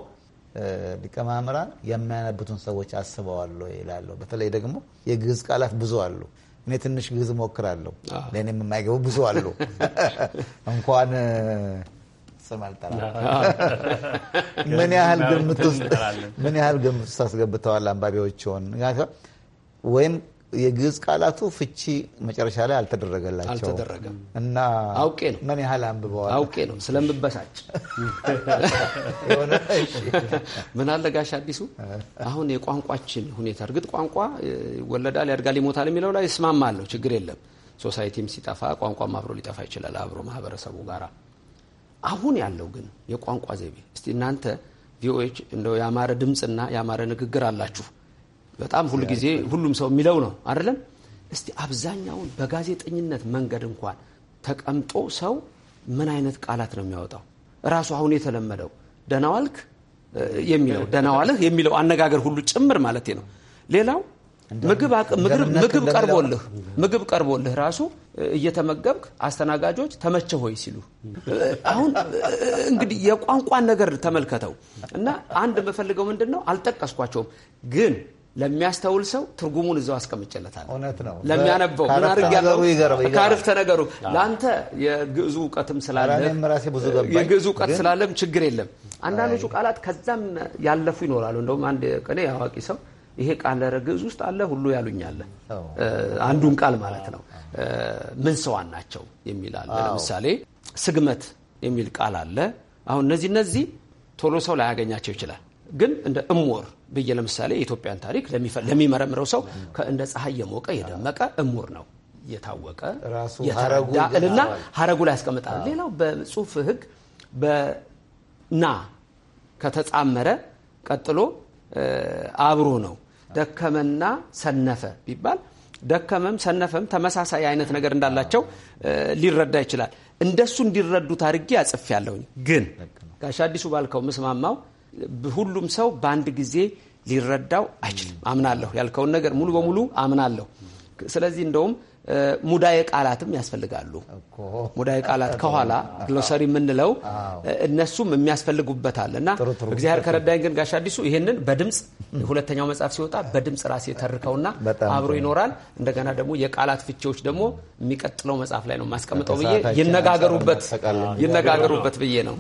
ሊቀ ማእምራን የሚያነቡትን ሰዎች አስበዋሉ ይላለሁ። በተለይ ደግሞ የግዕዝ ቃላት ብዙ አሉ። እኔ ትንሽ ግዕዝ ሞክራለሁ። ለእኔም የማይገቡ ብዙ አሉ። እንኳን ስም አልጠራም። ምን ያህል ግምት ውስጥ አስገብተዋል አንባቢዎችን ወይም የግዕዝ ቃላቱ ፍቺ መጨረሻ ላይ አልተደረገላቸው እና አውቄ ነው ምን ያህል አንብበዋል? አውቄ ነው ስለምበሳጭ ምን አለጋሽ አዲሱ አሁን የቋንቋችን ሁኔታ እርግጥ ቋንቋ ይወለዳል፣ ያድጋል፣ ይሞታል የሚለው ላይ እስማማለሁ። ችግር የለም። ሶሳይቲም ሲጠፋ ቋንቋም አብሮ ሊጠፋ ይችላል አብሮ ማህበረሰቡ ጋር አሁን ያለው ግን የቋንቋ ዘይቤ እስቲ እናንተ ቪኦኤዎች እንደው ያማረ ድምፅና ያማረ ንግግር አላችሁ በጣም ሁሉ ጊዜ ሁሉም ሰው የሚለው ነው አይደለም። እስቲ አብዛኛውን በጋዜጠኝነት መንገድ እንኳን ተቀምጦ ሰው ምን አይነት ቃላት ነው የሚያወጣው? እራሱ አሁን የተለመደው ደህና ዋልክ የሚለው ደህና ዋልህ የሚለው አነጋገር ሁሉ ጭምር ማለት ነው። ሌላው ምግብ ምግብ ቀርቦልህ ምግብ ቀርቦልህ ራሱ እየተመገብክ አስተናጋጆች ተመቸ ሆይ ሲሉ አሁን እንግዲህ የቋንቋን ነገር ተመልከተው እና አንድ የምፈልገው ምንድን ነው አልጠቀስኳቸውም ግን ለሚያስተውል ሰው ትርጉሙን እዛው አስቀምጨለታል። እውነት ነው። ለሚያነበው ምን አድርግ ያለው ከአረፍተ ነገሩ ለአንተ የግዕዙ እውቀትም ስላለ የግዕዙ እውቀት ስላለም ችግር የለም። አንዳንዶቹ ቃላት ከዛም ያለፉ ይኖራሉ። እንደውም አንድ ቀኔ አዋቂ ሰው ይሄ ቃል ኧረ ግዕዝ ውስጥ አለ ሁሉ ያሉኛለ አንዱን ቃል ማለት ነው። ምን ሰዋን ናቸው የሚላል ለምሳሌ ስግመት የሚል ቃል አለ። አሁን እነዚህ እነዚህ ቶሎ ሰው ላያገኛቸው ይችላል። ግን እንደ እሞር ብዬ ለምሳሌ የኢትዮጵያን ታሪክ ለሚመረምረው ሰው እንደ ፀሐይ የሞቀ የደመቀ እሙር ነው የታወቀ የተረዳ ሀረጉ ላይ ያስቀምጣል። ሌላው በጽሁፍ ህግ በና ከተጻመረ ቀጥሎ አብሮ ነው። ደከመና ሰነፈ ቢባል ደከመም ሰነፈም ተመሳሳይ አይነት ነገር እንዳላቸው ሊረዳ ይችላል። እንደሱ እንዲረዱት አድርጌ አጽፌ ያለሁኝ ግን ጋሽ አዲሱ ባልከው ምስማማው ሁሉም ሰው በአንድ ጊዜ ሊረዳው አይችልም። አምናለሁ ያልከውን ነገር ሙሉ በሙሉ አምናለሁ። ስለዚህ እንደውም ሙዳዬ ቃላትም ያስፈልጋሉ። ሙዳዬ ቃላት ከኋላ ግሎሰሪ የምንለው እነሱም የሚያስፈልጉበት አለ እና እግዚአብሔር ከረዳኝ ግን ጋሽ አዲሱ ይህንን በድምፅ ሁለተኛው መጽሐፍ ሲወጣ በድምፅ ራሴ ተርከውና አብሮ ይኖራል። እንደገና ደግሞ የቃላት ፍቺዎች ደግሞ የሚቀጥለው መጽሐፍ ላይ ነው የማስቀምጠው ብዬ ይነጋገሩበት ይነጋገሩበት ብዬ ነው።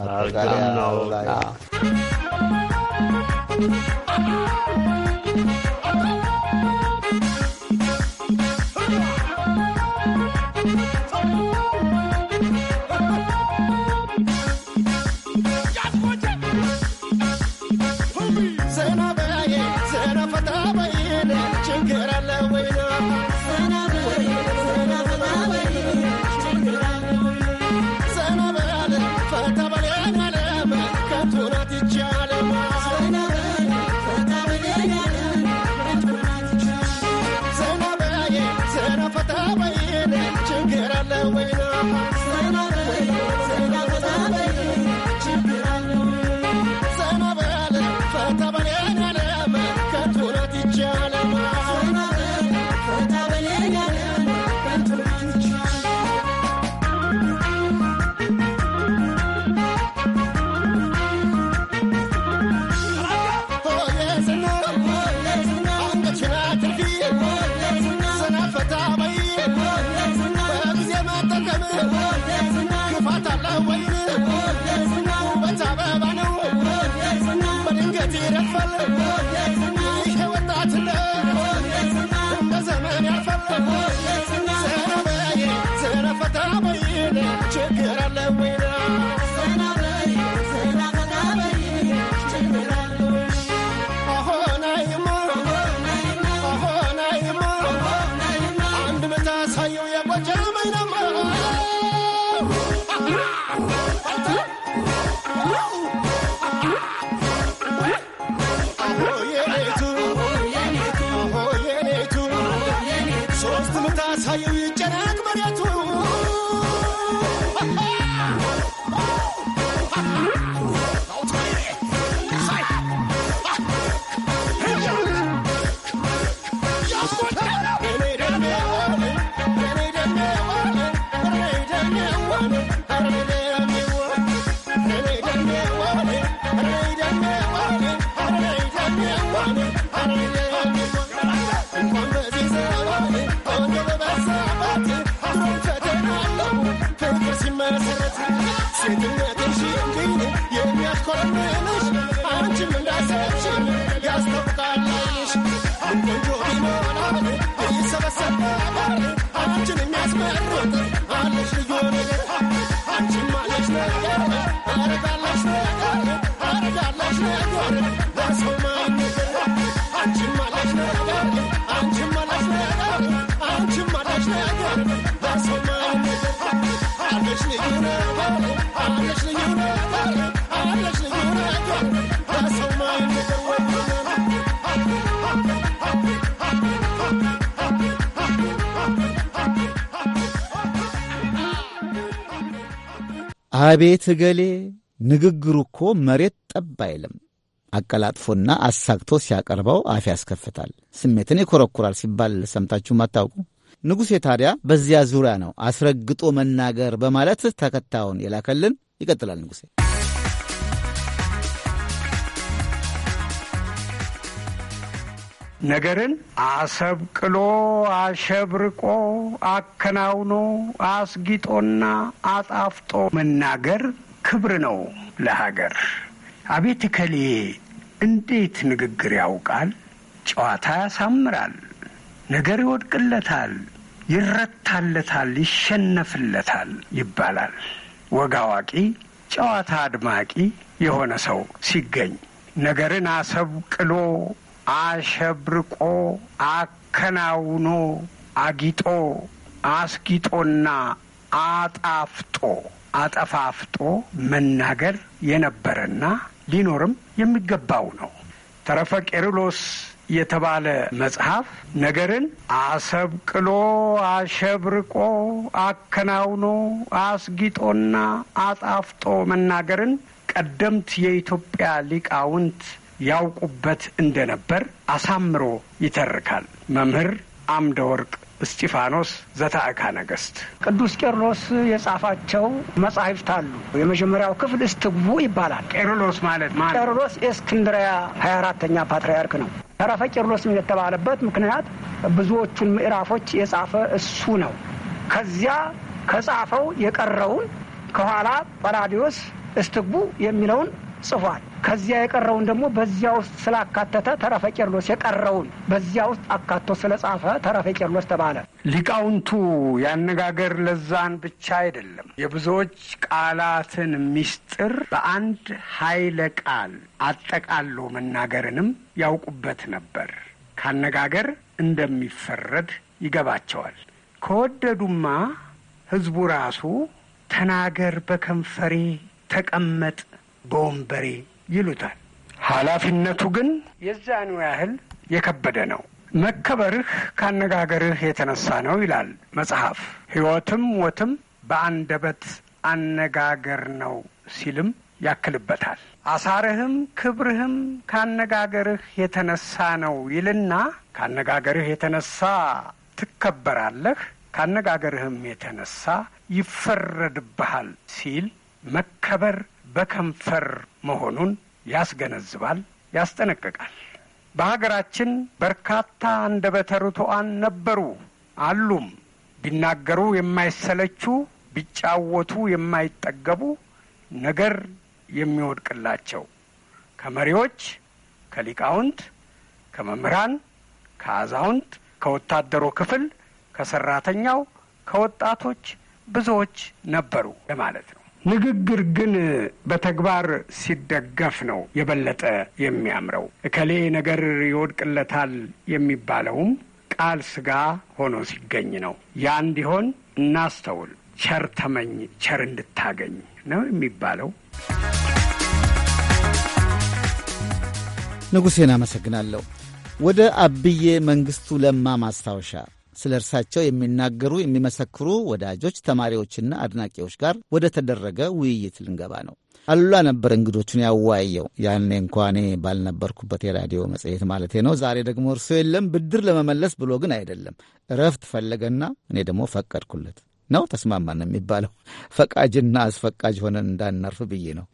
አቤት እገሌ ንግግሩ እኮ መሬት ጠብ አይልም። አቀላጥፎና አሳግቶ ሲያቀርበው አፍ ያስከፍታል፣ ስሜትን ይኮረኩራል ሲባል ሰምታችሁም አታውቁ? ንጉሴ ታዲያ በዚያ ዙሪያ ነው አስረግጦ መናገር በማለት ተከታዩን የላከልን። ይቀጥላል ንጉሴ። ነገርን አሰብቅሎ አሸብርቆ አከናውኖ አስጊጦና አጣፍጦ መናገር ክብር ነው ለሀገር። አቤት እከሌ እንዴት ንግግር ያውቃል፣ ጨዋታ ያሳምራል ነገር ይወድቅለታል፣ ይረታለታል፣ ይሸነፍለታል ይባላል። ወግ አዋቂ፣ ጨዋታ አድማቂ የሆነ ሰው ሲገኝ ነገርን አሰብቅሎ አሸብርቆ አከናውኖ አጊጦ አስጊጦና አጣፍጦ አጠፋፍጦ መናገር የነበረና ሊኖርም የሚገባው ነው። ተረፈ ቄርሎስ የተባለ መጽሐፍ ነገርን አሰብቅሎ አሸብርቆ አከናውኖ አስጊጦና አጣፍጦ መናገርን ቀደምት የኢትዮጵያ ሊቃውንት ያውቁበት እንደነበር አሳምሮ ይተርካል መምህር አምደ ወርቅ እስጢፋኖስ ዘታእካ ነገሥት። ቅዱስ ቄርሎስ የጻፋቸው መጻሕፍት አሉ። የመጀመሪያው ክፍል እስትግቡ ይባላል። ቄርሎስ ማለት ቄርሎስ የእስክንድሪያ ሀያ አራተኛ ፓትርያርክ ነው። ተረፈ ነው የተባለበት ምክንያት ብዙዎቹን ምዕራፎች የጻፈ እሱ ነው። ከዚያ ከጻፈው የቀረውን ከኋላ ጳራዲዮስ እስትግቡ የሚለውን ጽፏል። ከዚያ የቀረውን ደግሞ በዚያ ውስጥ ስላካተተ ተረፈ ቄርሎስ የቀረውን በዚያ ውስጥ አካቶ ስለጻፈ ተረፈ ቄርሎስ ተባለ። ሊቃውንቱ ያነጋገር ለዛን ብቻ አይደለም፣ የብዙዎች ቃላትን ምስጢር በአንድ ኃይለ ቃል አጠቃሎ መናገርንም ያውቁበት ነበር። ካነጋገር እንደሚፈረድ ይገባቸዋል። ከወደዱማ ሕዝቡ ራሱ ተናገር በከንፈሬ ተቀመጥ በወንበሬ ይሉታል። ኃላፊነቱ ግን የዛኑ ያህል የከበደ ነው። መከበርህ ካነጋገርህ የተነሳ ነው ይላል መጽሐፍ። ሕይወትም ሞትም በአንደበት አነጋገር ነው ሲልም ያክልበታል። አሳርህም ክብርህም ካነጋገርህ የተነሳ ነው ይልና ካነጋገርህ የተነሳ ትከበራለህ፣ ካነጋገርህም የተነሳ ይፈረድብሃል ሲል መከበር በከንፈር መሆኑን ያስገነዝባል፣ ያስጠነቅቃል። በሀገራችን በርካታ አንደበተ ርቱዓን ነበሩ፣ አሉም። ቢናገሩ የማይሰለቹ ቢጫወቱ የማይጠገቡ ነገር የሚወድቅላቸው ከመሪዎች፣ ከሊቃውንት፣ ከመምህራን፣ ከአዛውንት፣ ከወታደሩ ክፍል፣ ከሰራተኛው፣ ከወጣቶች ብዙዎች ነበሩ ለማለት ነው። ንግግር ግን በተግባር ሲደገፍ ነው የበለጠ የሚያምረው። እከሌ ነገር ይወድቅለታል የሚባለውም ቃል ስጋ ሆኖ ሲገኝ ነው። ያ እንዲሆን እናስተውል። ቸር ተመኝ ቸር እንድታገኝ ነው የሚባለው። ንጉሴን አመሰግናለሁ። ወደ አብዬ መንግስቱ ለማ ማስታወሻ ስለ እርሳቸው የሚናገሩ የሚመሰክሩ ወዳጆች፣ ተማሪዎችና አድናቂዎች ጋር ወደ ተደረገ ውይይት ልንገባ ነው። አሉላ ነበር እንግዶቹን ያዋየው ያኔ እንኳኔ ባልነበርኩበት የራዲዮ መጽሔት ማለቴ ነው። ዛሬ ደግሞ እርሶ የለም ብድር ለመመለስ ብሎ ግን አይደለም እረፍት ፈለገና እኔ ደግሞ ፈቀድኩለት ነው ተስማማን የሚባለው ፈቃጅና አስፈቃጅ ሆነን እንዳናርፍ ብዬ ነው።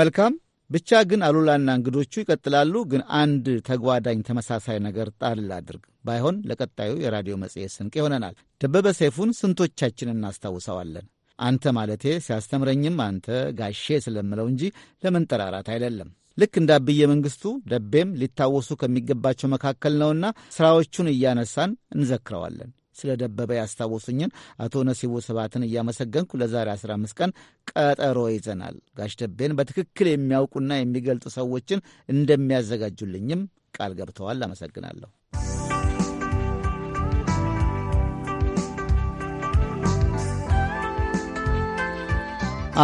መልካም ብቻ ግን አሉላና እንግዶቹ ይቀጥላሉ። ግን አንድ ተጓዳኝ ተመሳሳይ ነገር ጣል አድርግ ባይሆን ለቀጣዩ የራዲዮ መጽሔት ስንቅ ይሆነናል። ደበበ ሰይፉን ስንቶቻችን እናስታውሰዋለን? አንተ ማለቴ ሲያስተምረኝም አንተ ጋሼ ስለምለው እንጂ ለመንጠራራት አይደለም። ልክ እንደ አብየ መንግሥቱ ደቤም ሊታወሱ ከሚገባቸው መካከል ነውና ስራዎቹን እያነሳን እንዘክረዋለን። ስለደበበ ያስታወሱኝን አቶ ነሲቡ ስብሐትን እያመሰገንኩ ለዛሬ 15 ቀን ቀጠሮ ይዘናል። ጋሽ ደቤን በትክክል የሚያውቁና የሚገልጡ ሰዎችን እንደሚያዘጋጁልኝም ቃል ገብተዋል። አመሰግናለሁ።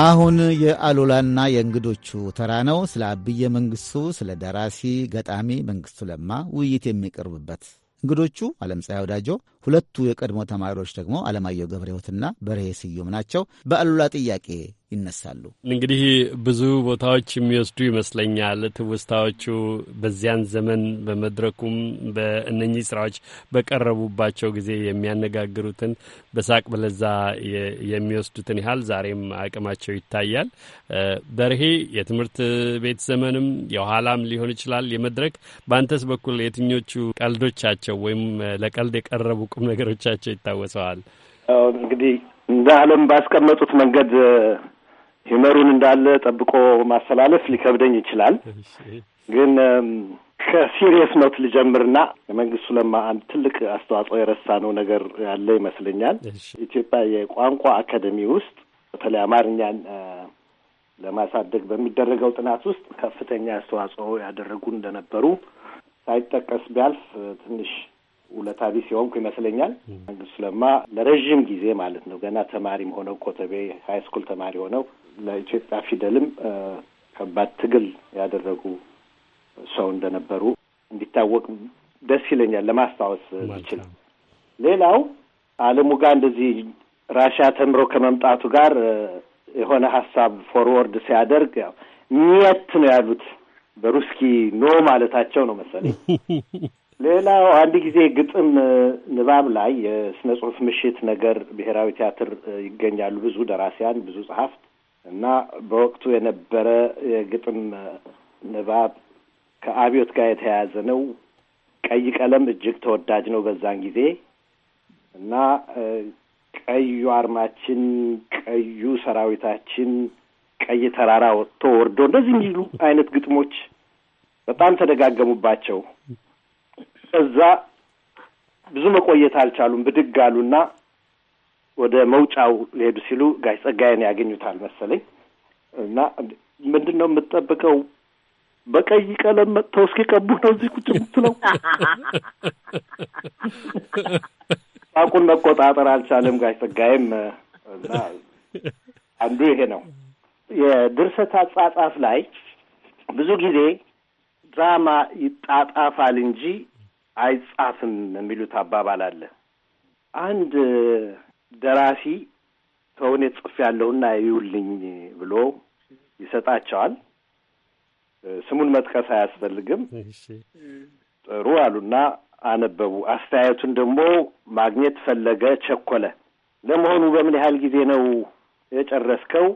አሁን የአሉላና የእንግዶቹ ተራ ነው። ስለ አብየ መንግሥቱ፣ ስለ ደራሲ ገጣሚ መንግሥቱ ለማ ውይይት የሚቀርብበት እንግዶቹ ዓለም ፀሐይ ወዳጆ ሁለቱ የቀድሞ ተማሪዎች ደግሞ አለማየሁ ገብረ ሕይወትና በርሄ ስዩም ናቸው። በአሉላ ጥያቄ ይነሳሉ። እንግዲህ ብዙ ቦታዎች የሚወስዱ ይመስለኛል ትውስታዎቹ በዚያን ዘመን በመድረኩም በእነኚህ ስራዎች በቀረቡባቸው ጊዜ የሚያነጋግሩትን በሳቅ በለዛ የሚወስዱትን ያህል ዛሬም አቅማቸው ይታያል። በርሄ የትምህርት ቤት ዘመንም የኋላም ሊሆን ይችላል የመድረክ በአንተስ በኩል የትኞቹ ቀልዶቻቸው ወይም ለቀልድ የቀረቡ ቁም ነገሮቻቸው ይታወሰዋል። እንግዲህ እንደ ዓለም ባስቀመጡት መንገድ ሂመሩን እንዳለ ጠብቆ ማስተላለፍ ሊከብደኝ ይችላል። ግን ከሲሪየስ ኖት ልጀምርና የመንግስቱ ለማ አንድ ትልቅ አስተዋጽኦ የረሳነው ነገር ያለ ይመስለኛል። ኢትዮጵያ የቋንቋ አካደሚ ውስጥ በተለይ አማርኛን ለማሳደግ በሚደረገው ጥናት ውስጥ ከፍተኛ አስተዋጽኦ ያደረጉ እንደነበሩ ሳይጠቀስ ቢያልፍ ትንሽ ውለታ ቢስ የሆንኩ ይመስለኛል። መንግስቱ ለማ ለረዥም ጊዜ ማለት ነው ገና ተማሪም ሆነው ኮተቤ ሀይ ስኩል ተማሪ ሆነው ለኢትዮጵያ ፊደልም ከባድ ትግል ያደረጉ ሰው እንደነበሩ እንዲታወቅ ደስ ይለኛል ለማስታወስ ይችል። ሌላው አለሙ ጋር እንደዚህ ራሽያ ተምሮ ከመምጣቱ ጋር የሆነ ሀሳብ ፎርወርድ ሲያደርግ ያው ኒየት ነው ያሉት በሩስኪ ኖ ማለታቸው ነው መሰለኝ ሌላው አንድ ጊዜ ግጥም ንባብ ላይ የስነ ጽሁፍ ምሽት ነገር ብሔራዊ ቲያትር ይገኛሉ ብዙ ደራሲያን፣ ብዙ ጸሐፍት እና በወቅቱ የነበረ የግጥም ንባብ ከአብዮት ጋር የተያያዘ ነው። ቀይ ቀለም እጅግ ተወዳጅ ነው በዛን ጊዜ እና ቀዩ አርማችን፣ ቀዩ ሰራዊታችን፣ ቀይ ተራራ ወጥቶ ወርዶ እንደዚህ የሚሉ አይነት ግጥሞች በጣም ተደጋገሙባቸው። እዛ ብዙ መቆየት አልቻሉም። ብድግ አሉና ወደ መውጫው ሊሄዱ ሲሉ ጋሽ ጸጋዬን ያገኙታል መሰለኝ እና ምንድን ነው የምጠብቀው? በቀይ ቀለም መጥተው ቀቡ ነው እዚህ ቁጭ ምትለው? ሳቁን መቆጣጠር አልቻለም ጋሽ ጸጋዬም። እና አንዱ ይሄ ነው። የድርሰት አጻጻፍ ላይ ብዙ ጊዜ ድራማ ይጣጣፋል እንጂ አይጻፍም የሚሉት አባባል አለ። አንድ ደራሲ ተውኔት ጽፍ ያለውና አይውልኝ ብሎ ይሰጣቸዋል። ስሙን መጥቀስ አያስፈልግም። ጥሩ አሉና አነበቡ። አስተያየቱን ደግሞ ማግኘት ፈለገ፣ ቸኮለ። ለመሆኑ በምን ያህል ጊዜ ነው የጨረስከው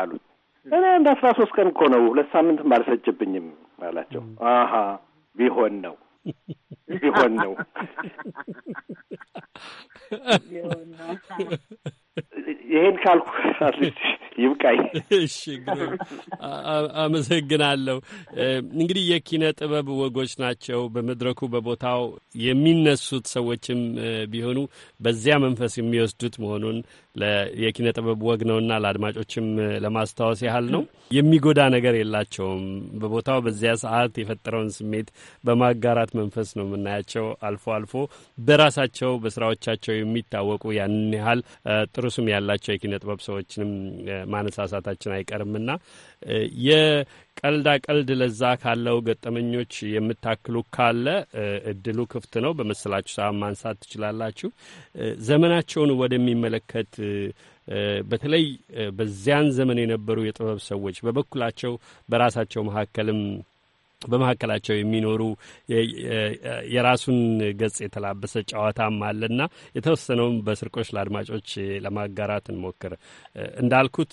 አሉት። እኔ አንድ አስራ ሶስት ቀን እኮ ነው፣ ሁለት ሳምንትም አልፈጅብኝም አላቸው። አሀ ቢሆን ነው Yo no. Yo no. ይሄን ካልኩ ይብቃኝ። እሺ፣ አመሰግናለሁ። እንግዲህ የኪነ ጥበብ ወጎች ናቸው። በመድረኩ በቦታው የሚነሱት ሰዎችም ቢሆኑ በዚያ መንፈስ የሚወስዱት መሆኑን የኪነ ጥበብ ወግ ነውና ለአድማጮችም ለማስታወስ ያህል ነው። የሚጎዳ ነገር የላቸውም። በቦታው በዚያ ሰዓት የፈጠረውን ስሜት በማጋራት መንፈስ ነው የምናያቸው። አልፎ አልፎ በራሳቸው በስራዎቻቸው የሚታወቁ ያንን ያህል ጥሩ ጥሩ ስም ያላቸው የኪነ ጥበብ ሰዎችንም ማነሳሳታችን አይቀርምና የቀልዳ ቀልድ ለዛ ካለው ገጠመኞች የምታክሉ ካለ እድሉ ክፍት ነው። በመሰላችሁ ሰዓት ማንሳት ትችላላችሁ። ዘመናቸውን ወደሚመለከት በተለይ በዚያን ዘመን የነበሩ የጥበብ ሰዎች በበኩላቸው በራሳቸው መካከልም በመካከላቸው የሚኖሩ የራሱን ገጽ የተላበሰ ጨዋታም አለና የተወሰነውም በስርቆች ለአድማጮች ለማጋራት እንሞክር። እንዳልኩት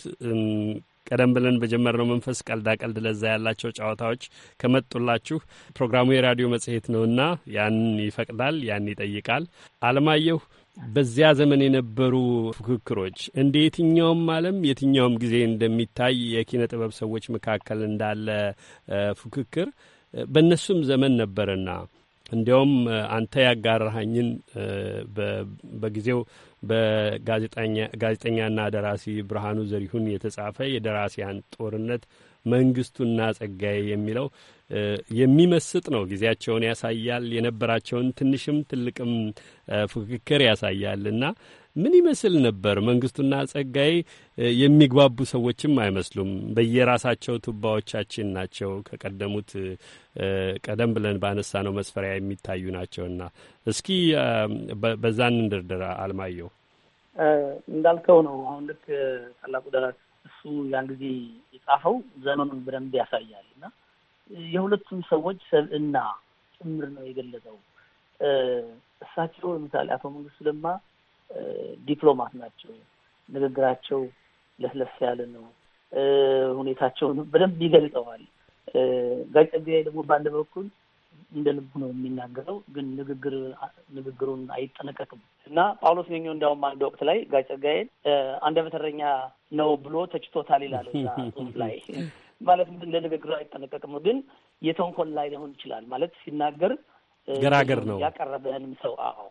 ቀደም ብለን በጀመርነው መንፈስ ቀልዳ ቀልድ ለዛ ያላቸው ጨዋታዎች ከመጡላችሁ ፕሮግራሙ የራዲዮ መጽሔት ነውና ያን ይፈቅዳል፣ ያን ይጠይቃል። አለማየሁ በዚያ ዘመን የነበሩ ፉክክሮች እንደ የትኛውም ዓለም የትኛውም ጊዜ እንደሚታይ የኪነ ጥበብ ሰዎች መካከል እንዳለ ፉክክር በእነሱም ዘመን ነበርና እንዲያውም አንተ ያጋራሃኝን በጊዜው በጋዜጠኛና ደራሲ ብርሃኑ ዘሪሁን የተጻፈ የደራሲያን ጦርነት መንግስቱና ጸጋዬ የሚለው የሚመስጥ ነው። ጊዜያቸውን ያሳያል። የነበራቸውን ትንሽም ትልቅም ፉክክር ያሳያል እና ምን ይመስል ነበር? መንግስቱና ጸጋዬ የሚግባቡ ሰዎችም አይመስሉም። በየራሳቸው ቱባዎቻችን ናቸው። ከቀደሙት ቀደም ብለን ባነሳ ነው መስፈሪያ የሚታዩ ናቸውና እስኪ በዛን እንድርድር። አልማየሁ እንዳልከው ነው። አሁን ልክ ታላቁ ደራሲ እሱ ያን ጊዜ የጻፈው ዘመኑን በደንብ ያሳያል እና የሁለቱም ሰዎች ሰብእና ጭምር ነው የገለጸው። እሳቸው ለምሳሌ አቶ መንግስቱ ለማ ዲፕሎማት ናቸው። ንግግራቸው ለስለስ ያለ ነው። ሁኔታቸውን በደንብ ይገልጸዋል። ጋሽ ደግሞ በአንድ በኩል እንደ ልቡ ነው የሚናገረው፣ ግን ንግግር ንግግሩን አይጠነቀቅም እና ጳውሎስ ኞኞ እንዲያውም አንድ ወቅት ላይ ጋሽ አንድ አንደበተረኛ ነው ብሎ ተችቶታል ይላል ላይ ማለት ምንድን ለንግግሩ አይጠነቀቅም፣ ግን የተንኮል ላይ ሊሆን ይችላል ማለት ሲናገር ገራገር ነው ያቀረበህንም ሰው አዎ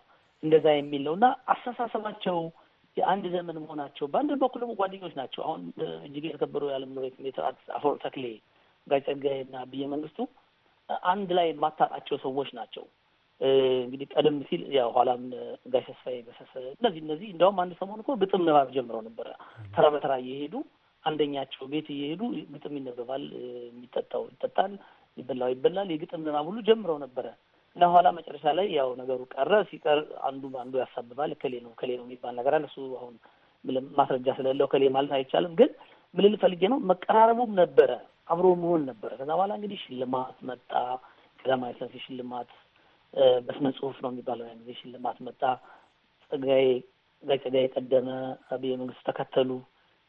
እንደዛ የሚል ነው እና አስተሳሰባቸው የአንድ ዘመን መሆናቸው በአንድ በኩል ደግሞ ጓደኞች ናቸው። አሁን እጅግ የተከበሩ የዓለም ኖሬት ሜትር አፈወርቅ ተክሌ፣ ጋሽ ጸጋዬ እና ብዬ መንግስቱ አንድ ላይ የማታጣቸው ሰዎች ናቸው። እንግዲህ ቀደም ሲል ያው ኋላም ጋሽ ተስፋዬ ገሰሰ እነዚህ እነዚህ እንደውም አንድ ሰሞን እኮ ግጥም ንባብ ጀምረው ነበረ። ተራ በተራ እየሄዱ አንደኛቸው ቤት እየሄዱ ግጥም ይነበባል፣ የሚጠጣው ይጠጣል፣ ይበላው ይበላል። የግጥም ንባብ ሁሉ ጀምረው ነበረ። እና ኋላ መጨረሻ ላይ ያው ነገሩ ቀረ። ሲቀር አንዱ አንዱ ያሳብባል። እከሌ ነው እከሌ ነው የሚባል ነገር አለ። እሱ አሁን ማስረጃ ስለሌለው እከሌ ማለት አይቻልም። ግን ምን ልፈልጌ ፈልጌ ነው መቀራረቡም ነበረ፣ አብሮ መሆን ነበረ። ከዛ በኋላ እንግዲህ ሽልማት መጣ። ቀዳማዊ ሰፊ ሽልማት በስነ ጽሁፍ ነው የሚባለው ያን ጊዜ ሽልማት መጣ። ጸጋዬ ጸጋዬ ቀደመ፣ አብየ መንግስት ተከተሉ።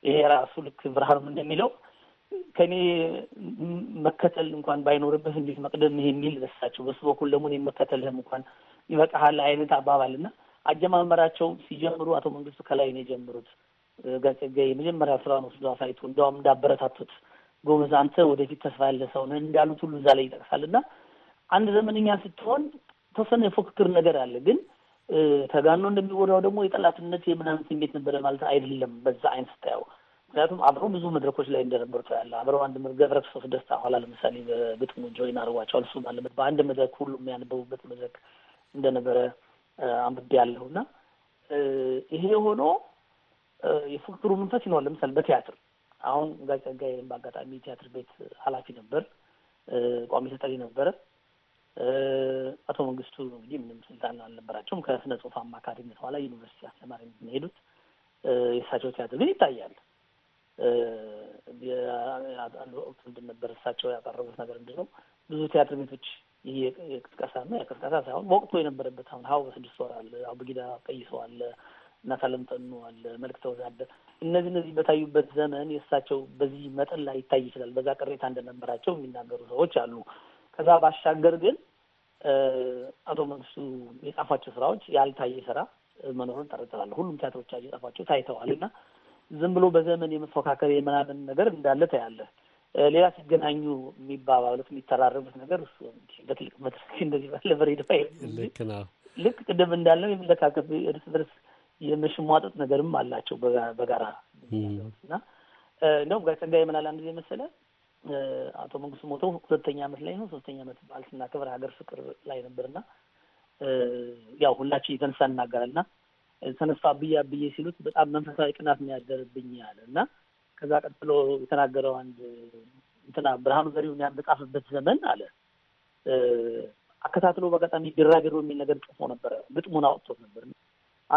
ይሄ ራሱ ልክ ብርሃኑም እንደሚለው ከኔ መከተል እንኳን ባይኖርብህ እንዴት መቅደምህ የሚል በሳቸው በሱ በኩል ደግሞ መከተልህም እንኳን ይበቃሃል አይነት አባባል እና አጀማመራቸው ሲጀምሩ አቶ መንግስቱ ከላይ ነው የጀምሩት። ጋዜጠኛ የመጀመሪያ ስራውን ወስዶ አሳይቶ እንዲያውም እንዳበረታቱት ጎበዝ፣ አንተ ወደፊት ተስፋ ያለ ሰው ነህ እንዳሉት ሁሉ እዛ ላይ ይጠቅሳል እና አንድ ዘመንኛ ስትሆን ተወሰነ የፉክክር ነገር አለ ግን ተጋኖ እንደሚወዳው ደግሞ የጠላትነት የምናምን ስሜት ነበረ ማለት አይደለም። በዛ አይነት ስታየው ምክንያቱም አብሮ ብዙ መድረኮች ላይ እንደነበሩ ታያለህ። አብረው አንድ ገብረክርስቶስ ደስታ ኋላ ለምሳሌ በግጥሙ ጆይን አድርጓቸዋል። እሱም አለበት በአንድ መድረክ ሁሉ የሚያነበቡበት መድረክ እንደነበረ አንብቤ ያለሁ እና ይሄ ሆኖ የፉክክሩ መንፈስ ይኖር ለምሳሌ በቲያትር አሁን ጋሽ ጸጋዬ በአጋጣሚ ቲያትር ቤት ኃላፊ ነበር፣ ቋሚ ተጠሪ ነበረ። አቶ መንግስቱ እንግዲህ ምንም ስልጣን አልነበራቸውም። ከስነ ጽሁፍ አማካሪነት በኋላ ዩኒቨርሲቲ አስተማሪ ሄዱት። የእሳቸው ቲያትር ግን ይታያል። አንድ ወቅት ምንድን ነበር እሳቸው ያቀረቡት ነገር ምንድን ነው? ብዙ ቲያትር ቤቶች ይህ የቅስቀሳ ና የቅስቀሳ ሳይሆን በወቅቱ የነበረበት አሁን ሀው በስድስት ወር አለ፣ አቡጊዳ ቀይሰው አለ፣ እናት አለም አለ፣ መልክ ወዝ አለ። እነዚህ እነዚህ በታዩበት ዘመን የእሳቸው በዚህ መጠን ላይ ይታይ ይችላል፣ በዛ ቅሬታ እንደነበራቸው የሚናገሩ ሰዎች አሉ። ከዛ ባሻገር ግን አቶ መንግስቱ የጻፏቸው ስራዎች ያልታየ ስራ መኖሩን ጠረጥራለሁ። ሁሉም ቲያትሮቻቸው የጻፏቸው ታይተዋል እና ዝም ብሎ በዘመን የመፎካከር የምናምን ነገር እንዳለ ታያለ። ሌላ ሲገናኙ የሚባባሉት የሚተራረቡት ነገር እሱ በትልቅ መድረክ እንደዚህ ባለ በሬዲዮ ልክ ነው። ልክ ቅድም እንዳለው የመለካከት እርስ በርስ የመሽሟጠጥ ነገርም አላቸው በጋራ እና እንደውም ጋር ጸጋዬ ምን አለ አንድ ጊዜ መሰለ አቶ መንግስቱ ሞቶ ሁለተኛ ዓመት ላይ ነው ሶስተኛ ዓመት በዓል ስናከብር ሀገር ፍቅር ላይ ነበርና ያው ሁላችን የተነሳ እናገራልና ተነሳ ብያ ብዬ ሲሉት በጣም መንፈሳዊ ቅናት የሚያደርብኝ አለ እና ከዛ ቀጥሎ የተናገረው አንድ እንትና ብርሃኑ ዘሪሁን ያን ዘመን አለ አከታትሎ በአጋጣሚ ቢራቢሮ የሚል ነገር ጽፎ ነበረ። ግጥሙን አውጥቶት ነበር።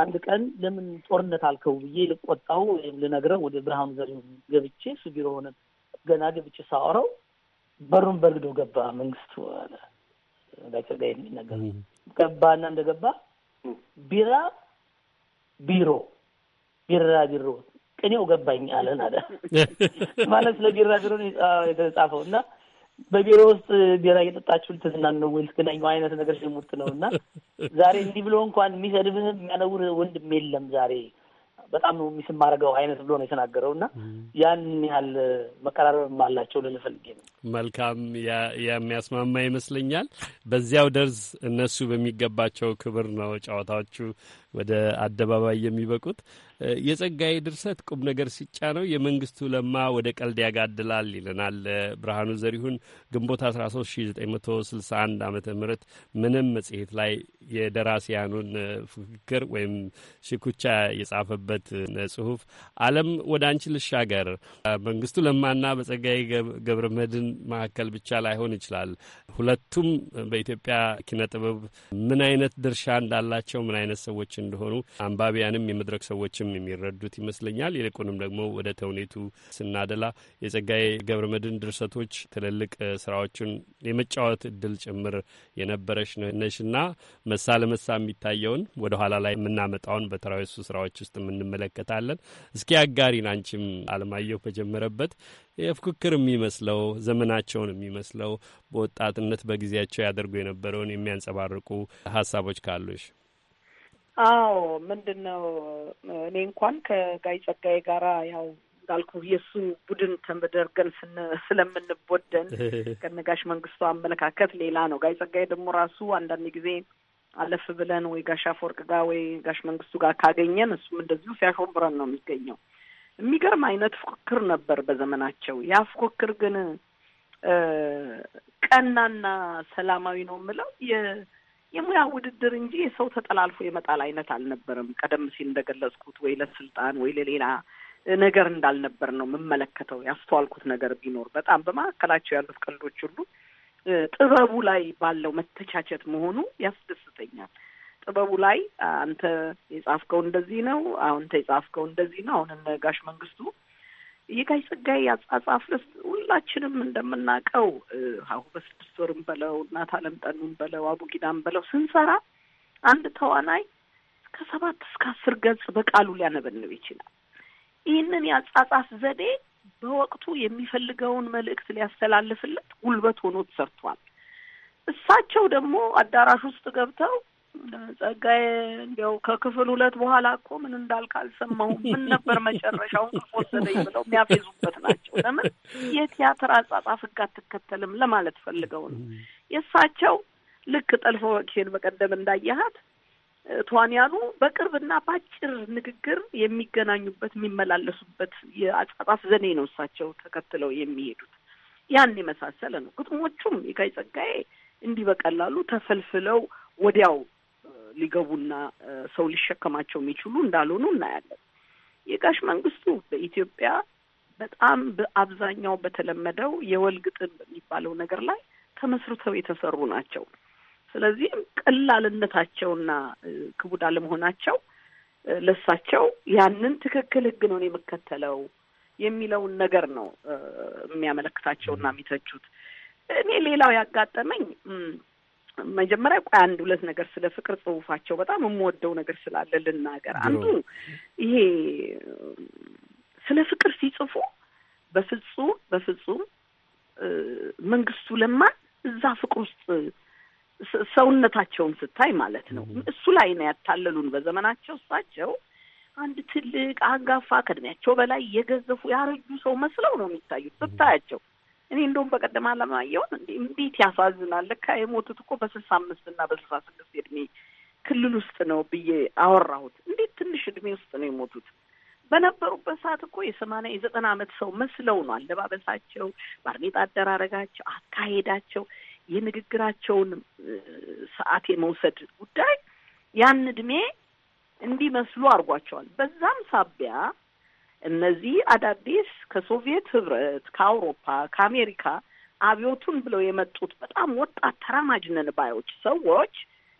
አንድ ቀን ለምን ጦርነት አልከው ብዬ ልቆጣው ወይም ልነግረው ወደ ብርሃኑ ዘሪሁን ገብቼ እሱ ቢሮ ሆነ ገና ገብቼ ሳወራው በሩን በርግዶ ገባ። መንግስቱ አለ ጋር የሚል ነገር ገባና እንደገባ ቢራ ቢሮ ቢራቢሮ ቅኔው ገባኝ አለን አለ ማለት ስለ ቢራቢሮ የተጻፈው እና በቢሮ ውስጥ ቢራ እየጠጣችሁ ልትዝናኑ ነው ወይ ልትገናኙ አይነት ነገር ሽሙጥ ነው እና ዛሬ እንዲህ ብሎ እንኳን የሚሰድብህ የሚያነውር ወንድም የለም ዛሬ በጣም ነው የሚስም አድርገው አይነት ብሎ ነው የተናገረው እና ያን ያህል መቀራረብም አላቸው ልንፈልጌ ነው። መልካም የሚያስማማ ይመስለኛል። በዚያው ደርዝ እነሱ በሚገባቸው ክብር ነው ጨዋታዎቹ ወደ አደባባይ የሚበቁት። የጸጋዬ ድርሰት ቁም ነገር ሲጫነው የመንግስቱ ለማ ወደ ቀልድ ያጋድላል ይለናል ብርሃኑ ዘሪሁን ግንቦት 13 1961 ዓ ም ምንም መጽሔት ላይ የደራሲያኑን ፉክክር ወይም ሽኩቻ የጻፈበት ጽሁፍ። አለም ወደ አንቺ ልሻገር። መንግስቱ ለማና በጸጋዬ ገብረ መድን መካከል ብቻ ላይሆን ይችላል። ሁለቱም በኢትዮጵያ ኪነ ጥበብ ምን አይነት ድርሻ እንዳላቸው ምን አይነት ሰዎች እንደሆኑ አንባቢያንም የመድረክ ሰዎችም የሚረዱት ይመስለኛል። ይልቁንም ደግሞ ወደ ተውኔቱ ስናደላ የጸጋዬ ገብረ መድን ድርሰቶች ትልልቅ ስራዎችን የመጫወት እድል ጭምር የነበረሽ ነሽና መሳ ለመሳ የሚታየውን ወደ ኋላ ላይ የምናመጣውን በተራዊሱ ስራዎች ውስጥ እንመለከታለን። እስኪ አጋሪን አንቺም አለማየሁ በጀመረበት የፉክክር የሚመስለው ዘመናቸውን የሚመስለው በወጣትነት በጊዜያቸው ያደርጉ የነበረውን የሚያንጸባርቁ ሀሳቦች ካሉሽ አዎ ምንድን ነው እኔ እንኳን ከጋይ ጸጋዬ ጋራ ያው እንዳልኩ የእሱ ቡድን ተደርገን ስለምንቦደን ከነጋሽ መንግስቱ አመለካከት ሌላ ነው። ጋይ ጸጋዬ ደግሞ ራሱ አንዳንድ ጊዜ አለፍ ብለን ወይ ጋሽ አፈወርቅ ጋር ወይ ጋሽ መንግስቱ ጋር ካገኘን እሱም እንደዚሁ ሲያሾምረን ነው የሚገኘው። የሚገርም አይነት ፉክክር ነበር በዘመናቸው። ያ ፉክክር ግን ቀናና ሰላማዊ ነው የምለው የሙያ ውድድር እንጂ የሰው ተጠላልፎ የመጣል አይነት አልነበረም። ቀደም ሲል እንደገለጽኩት ወይ ለስልጣን ወይ ለሌላ ነገር እንዳልነበር ነው የምመለከተው። ያስተዋልኩት ነገር ቢኖር በጣም በማዕከላቸው ያሉት ቀልዶች ሁሉ ጥበቡ ላይ ባለው መተቻቸት መሆኑ ያስደስተኛል። ጥበቡ ላይ አንተ የጻፍከው እንደዚህ ነው፣ አንተ የጻፍከው እንደዚህ ነው። አሁን እነ ጋሽ መንግስቱ የጋሽ ጸጋዬ አጻጻፍ ልስ ሁላችንም እንደምናውቀው አሁን በስድስት ወርም በለው እናት አለም ጠኑም በለው አቡጊዳም በለው ስንሰራ አንድ ተዋናይ እስከ ሰባት እስከ አስር ገጽ በቃሉ ሊያነበንብ ይችላል። ይህንን የአጻጻፍ ዘዴ በወቅቱ የሚፈልገውን መልእክት ሊያስተላልፍለት ጉልበት ሆኖ ተሰርቷል። እሳቸው ደግሞ አዳራሽ ውስጥ ገብተው ጸጋዬ እንዲያው ከክፍል ሁለት በኋላ እኮ ምን እንዳልክ አልሰማሁም። ምን ነበር መጨረሻውን ወሰደኝ ብለው የሚያፌዙበት ናቸው። ለምን የቲያትር አጻጻፍ ሕግ አትከተልም ለማለት ፈልገው ነው። የእሳቸው ልክ ጠልፎ ወቂሴን በቀደም እንዳየሃት ተዋንያኑ በቅርብና በአጭር ንግግር የሚገናኙበት የሚመላለሱበት የአጻጻፍ ዘኔ ነው እሳቸው ተከትለው የሚሄዱት። ያን የመሳሰለ ነው። ግጥሞቹም የጋይ ጸጋዬ እንዲህ በቀላሉ ተፈልፍለው ወዲያው ሊገቡና ሰው ሊሸከማቸው የሚችሉ እንዳልሆኑ እናያለን። የጋሽ መንግስቱ በኢትዮጵያ በጣም በአብዛኛው በተለመደው የወል ግጥም በሚባለው ነገር ላይ ተመስርተው የተሰሩ ናቸው። ስለዚህም ቀላልነታቸውና ክቡድ አለመሆናቸው ለሳቸው ያንን ትክክል ህግ ነው የምከተለው የሚለውን ነገር ነው የሚያመለክታቸውና የሚተቹት። እኔ ሌላው ያጋጠመኝ መጀመሪያ ቆይ አንድ ሁለት ነገር ስለ ፍቅር ጽሁፋቸው በጣም የምወደው ነገር ስላለ ልናገር። አንዱ ይሄ ስለ ፍቅር ሲጽፉ በፍጹም በፍጹም መንግስቱ ለማ እዛ ፍቅር ውስጥ ሰውነታቸውን ስታይ ማለት ነው እሱ ላይ ነው ያታለሉን። በዘመናቸው እሳቸው አንድ ትልቅ አንጋፋ ከእድሜያቸው በላይ የገዘፉ ያረጁ ሰው መስለው ነው የሚታዩት ስታያቸው እኔ እንደውም በቀደም አለማየሁን እንዴት ያሳዝናል። ለካ የሞቱት እኮ በስልሳ አምስት እና በስልሳ ስድስት እድሜ ክልል ውስጥ ነው ብዬ አወራሁት። እንዴት ትንሽ እድሜ ውስጥ ነው የሞቱት። በነበሩበት ሰዓት እኮ የሰማንያ የዘጠና አመት ሰው መስለው ነው አለባበሳቸው፣ ባርኔጣ አደራረጋቸው፣ አካሄዳቸው፣ የንግግራቸውን ሰዓት የመውሰድ ጉዳይ ያን እድሜ እንዲመስሉ አድርጓቸዋል። በዛም ሳቢያ እነዚህ አዳዲስ ከሶቪየት ህብረት፣ ከአውሮፓ፣ ከአሜሪካ አብዮቱን ብለው የመጡት በጣም ወጣት ተራማጅነን ባዮች ሰዎች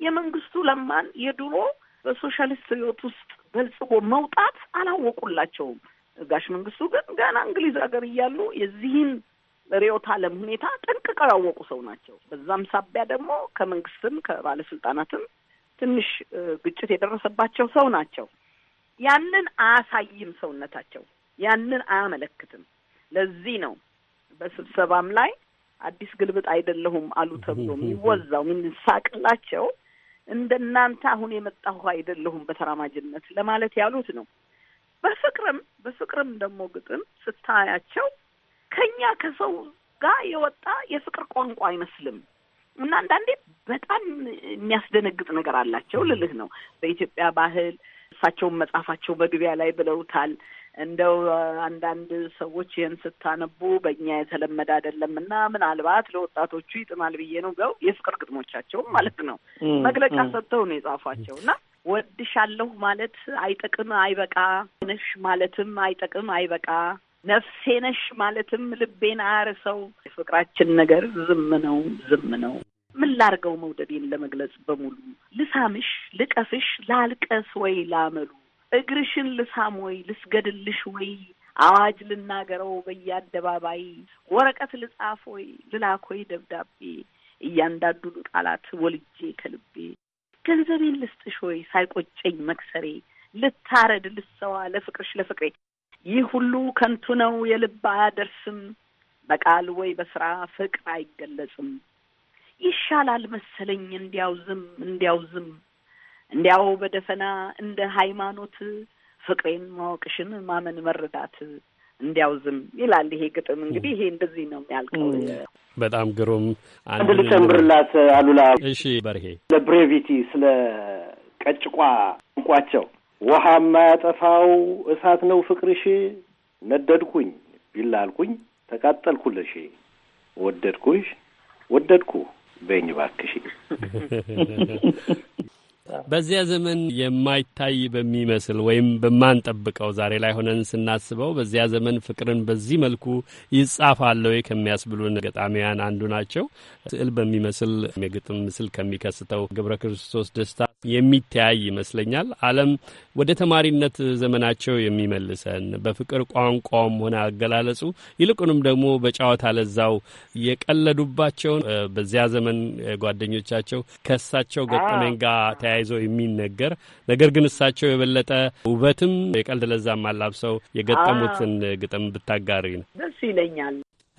የመንግስቱ ለማን የድሮ በሶሻሊስት ህይወት ውስጥ በልጽጎ መውጣት አላወቁላቸውም። ጋሽ መንግስቱ ግን ገና እንግሊዝ ሀገር እያሉ የዚህን ርዕዮተ ዓለም ሁኔታ ጠንቅቀው ያወቁ ሰው ናቸው። በዛም ሳቢያ ደግሞ ከመንግስትም ከባለስልጣናትም ትንሽ ግጭት የደረሰባቸው ሰው ናቸው። ያንን አያሳይም ሰውነታቸው ያንን አያመለክትም። ለዚህ ነው በስብሰባም ላይ አዲስ ግልብጥ አይደለሁም አሉ ተብሎ የሚወዛው የሚሳቅላቸው እንደ እናንተ አሁን የመጣሁ አይደለሁም በተራማጅነት ለማለት ያሉት ነው። በፍቅርም በፍቅርም ደግሞ ግጥም ስታያቸው ከኛ ከሰው ጋር የወጣ የፍቅር ቋንቋ አይመስልም እና አንዳንዴ በጣም የሚያስደነግጥ ነገር አላቸው ልልህ ነው በኢትዮጵያ ባህል እሳቸውን መጽሐፋቸው መግቢያ ላይ ብለውታል። እንደው አንዳንድ ሰዎች ይህን ስታነቡ በእኛ የተለመደ አይደለም እና ምናልባት ለወጣቶቹ ይጥማል ብዬ ነው ገው የፍቅር ግጥሞቻቸውም ማለት ነው መግለጫ ሰጥተው ነው የጻፏቸው እና ወድሻለሁ ማለት አይጠቅም አይበቃ፣ ነሽ ማለትም አይጠቅም አይበቃ፣ ነፍሴ ነሽ ማለትም ልቤን አያርሰው፣ የፍቅራችን ነገር ዝም ነው ዝም ነው ምን ላርገው መውደዴን ለመግለጽ በሙሉ ልሳምሽ፣ ልቀፍሽ፣ ላልቀስ ወይ ላመሉ እግርሽን ልሳም ወይ ልስገድልሽ ወይ አዋጅ ልናገረው በየአደባባይ ወረቀት ልጻፍ ወይ ልላክ ወይ ደብዳቤ እያንዳንዱን ቃላት ወልጄ ከልቤ ገንዘቤን ልስጥሽ ወይ ሳይቆጨኝ መክሰሬ ልታረድ ልሰዋ ለፍቅርሽ ለፍቅሬ ይህ ሁሉ ከንቱ ነው የልብ አያደርስም በቃል ወይ በስራ ፍቅር አይገለጽም። ይሻላል መሰለኝ እንዲያው ዝም እንዲያው ዝም እንዲያው በደፈና እንደ ሃይማኖት ፍቅሬን ማወቅሽን ማመን መረዳት እንዲያው ዝም ይላል ይሄ ግጥም። እንግዲህ ይሄ እንደዚህ ነው የሚያልቀው። በጣም ግሩም። አንድ ልጨምርላት አሉላ። እሺ በርሄ ብሬቪቲ ስለ ቀጭቋ ቋቸው ውሃ የማያጠፋው እሳት ነው ፍቅርሽ፣ ነደድኩኝ ቢላልኩኝ ተቃጠልኩልሽ፣ ወደድኩሽ ወደድኩ በኝ ባክሽ። በዚያ ዘመን የማይታይ በሚመስል ወይም በማንጠብቀው ዛሬ ላይ ሆነን ስናስበው በዚያ ዘመን ፍቅርን በዚህ መልኩ ይጻፋል ከሚያስብሉን ገጣሚያን አንዱ ናቸው። ስዕል በሚመስል የግጥም ምስል ከሚከስተው ገብረ ክርስቶስ ደስታ የሚተያይ ይመስለኛል። ዓለም ወደ ተማሪነት ዘመናቸው የሚመልሰን በፍቅር ቋንቋውም ሆነ አገላለጹ ይልቁንም ደግሞ በጨዋታ ለዛው የቀለዱባቸውን በዚያ ዘመን ጓደኞቻቸው ከእሳቸው ገጠመኝ ጋር ተያይዘው የሚነገር ነገር ግን እሳቸው የበለጠ ውበትም የቀልድ ለዛም አላብሰው የገጠሙትን ግጥም ብታጋሪ ነው ደስ ይለኛል።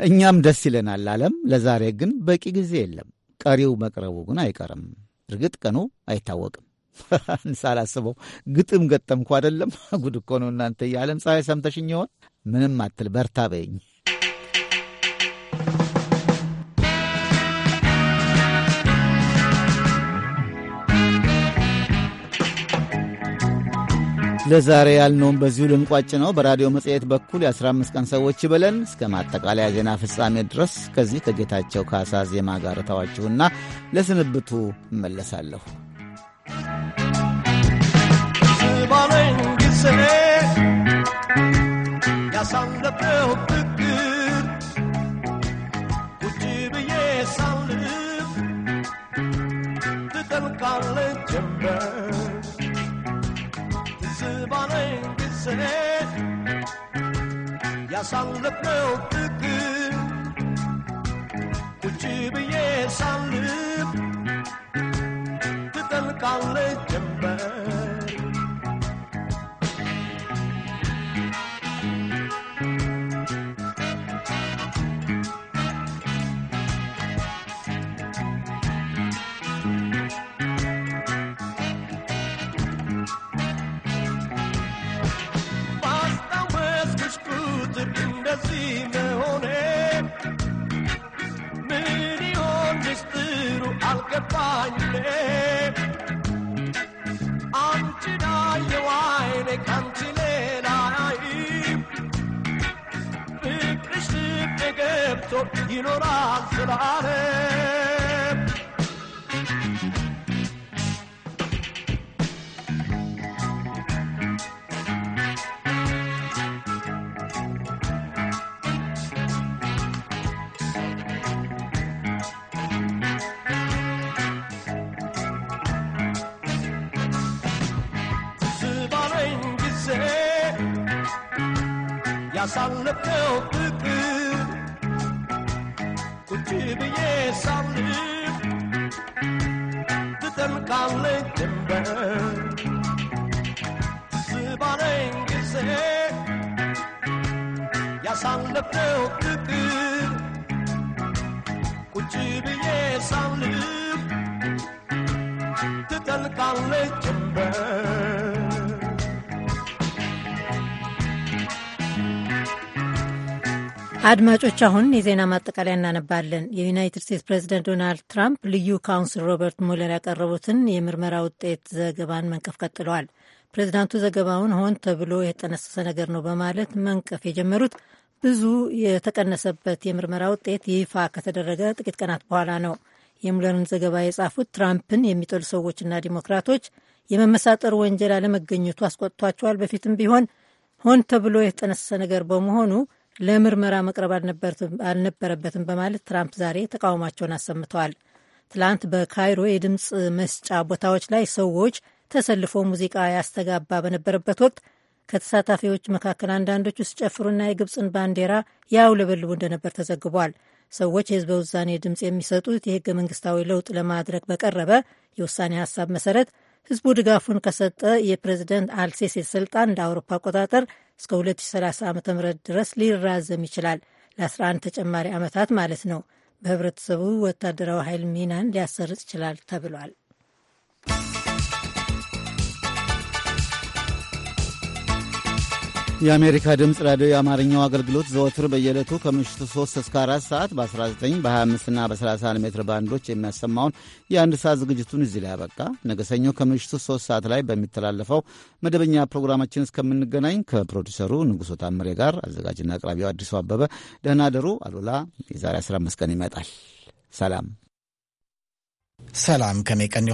እኛም ደስ ይለናል። አለም ለዛሬ ግን በቂ ጊዜ የለም። ቀሪው መቅረቡ ግን አይቀርም። እርግጥ ቀኑ አይታወቅም። ሳላስበው ግጥም ገጠምኩ አይደለም። ጉድ እኮ ነው እናንተ። የዓለም ፀሐይ ሰምተሽኝ ይሆን? ምንም አትል በርታ በይኝ። ለዛሬ ያልነውም በዚሁ ልንቋጭ ነው። በራዲዮ መጽሔት በኩል የ15 ቀን ሰዎች ይበለን እስከ ማጠቃለያ ዜና ፍጻሜ ድረስ ከዚህ ከጌታቸው ካሳ ዜማ ጋር እተዋችሁና ለስንብቱ እመለሳለሁ። elmanın gülsene Yasan löpüp büktür Ucubeye sallıp Tütün kanlı cımbır Zıbanın gülsene Yasan löpüp büktür Ucubeye sallıp Tütün kanlı cımbır ያሳለፍነው ፍቅር ቁጭ ብዬ ሳልፍ ትጠልቃለች ጀንበር አድማጮች አሁን የዜና ማጠቃለያ እናነባለን። የዩናይትድ ስቴትስ ፕሬዚደንት ዶናልድ ትራምፕ ልዩ ካውንስል ሮበርት ሙለር ያቀረቡትን የምርመራ ውጤት ዘገባን መንቀፍ ቀጥለዋል። ፕሬዚዳንቱ ዘገባውን ሆን ተብሎ የተጠነሰሰ ነገር ነው በማለት መንቀፍ የጀመሩት ብዙ የተቀነሰበት የምርመራ ውጤት ይፋ ከተደረገ ጥቂት ቀናት በኋላ ነው። የሙለርን ዘገባ የጻፉት ትራምፕን የሚጠሉ ሰዎችና ዲሞክራቶች የመመሳጠር ወንጀል አለመገኘቱ አስቆጥቷቸዋል። በፊትም ቢሆን ሆን ተብሎ የተጠነሰሰ ነገር በመሆኑ ለምርመራ መቅረብ አልነበረበትም በማለት ትራምፕ ዛሬ ተቃውሟቸውን አሰምተዋል። ትላንት በካይሮ የድምፅ መስጫ ቦታዎች ላይ ሰዎች ተሰልፎ ሙዚቃ ያስተጋባ በነበረበት ወቅት ከተሳታፊዎች መካከል አንዳንዶቹ ሲጨፍሩና የግብፅን ባንዲራ ያውለበልቡ እንደነበር ተዘግቧል። ሰዎች የህዝበ ውሳኔ ድምፅ የሚሰጡት የህገ መንግስታዊ ለውጥ ለማድረግ በቀረበ የውሳኔ ሀሳብ መሰረት ህዝቡ ድጋፉን ከሰጠ የፕሬዚደንት አልሴሴ ስልጣን እንደ አውሮፓ አቆጣጠር እስከ 2030 ዓ ም ድረስ ሊራዘም ይችላል፣ ለ11 ተጨማሪ ዓመታት ማለት ነው። በህብረተሰቡ ወታደራዊ ኃይል ሚናን ሊያሰርጽ ይችላል ተብሏል። የአሜሪካ ድምፅ ራዲዮ የአማርኛው አገልግሎት ዘወትር በየዕለቱ ከምሽቱ 3 እስከ 4 ሰዓት በ19 በ25ና በ31 ሜትር ባንዶች የሚያሰማውን የአንድ ሰዓት ዝግጅቱን እዚህ ላይ ያበቃ። ነገ ሰኞ ከምሽቱ 3 ሰዓት ላይ በሚተላለፈው መደበኛ ፕሮግራማችን እስከምንገናኝ ከፕሮዲሰሩ ንጉሶ ታምሬ ጋር አዘጋጅና አቅራቢው አዲሱ አበበ ደህና ደሩ። አሉላ የዛሬ 15 ቀን ይመጣል። ሰላም ሰላም ከሜቀን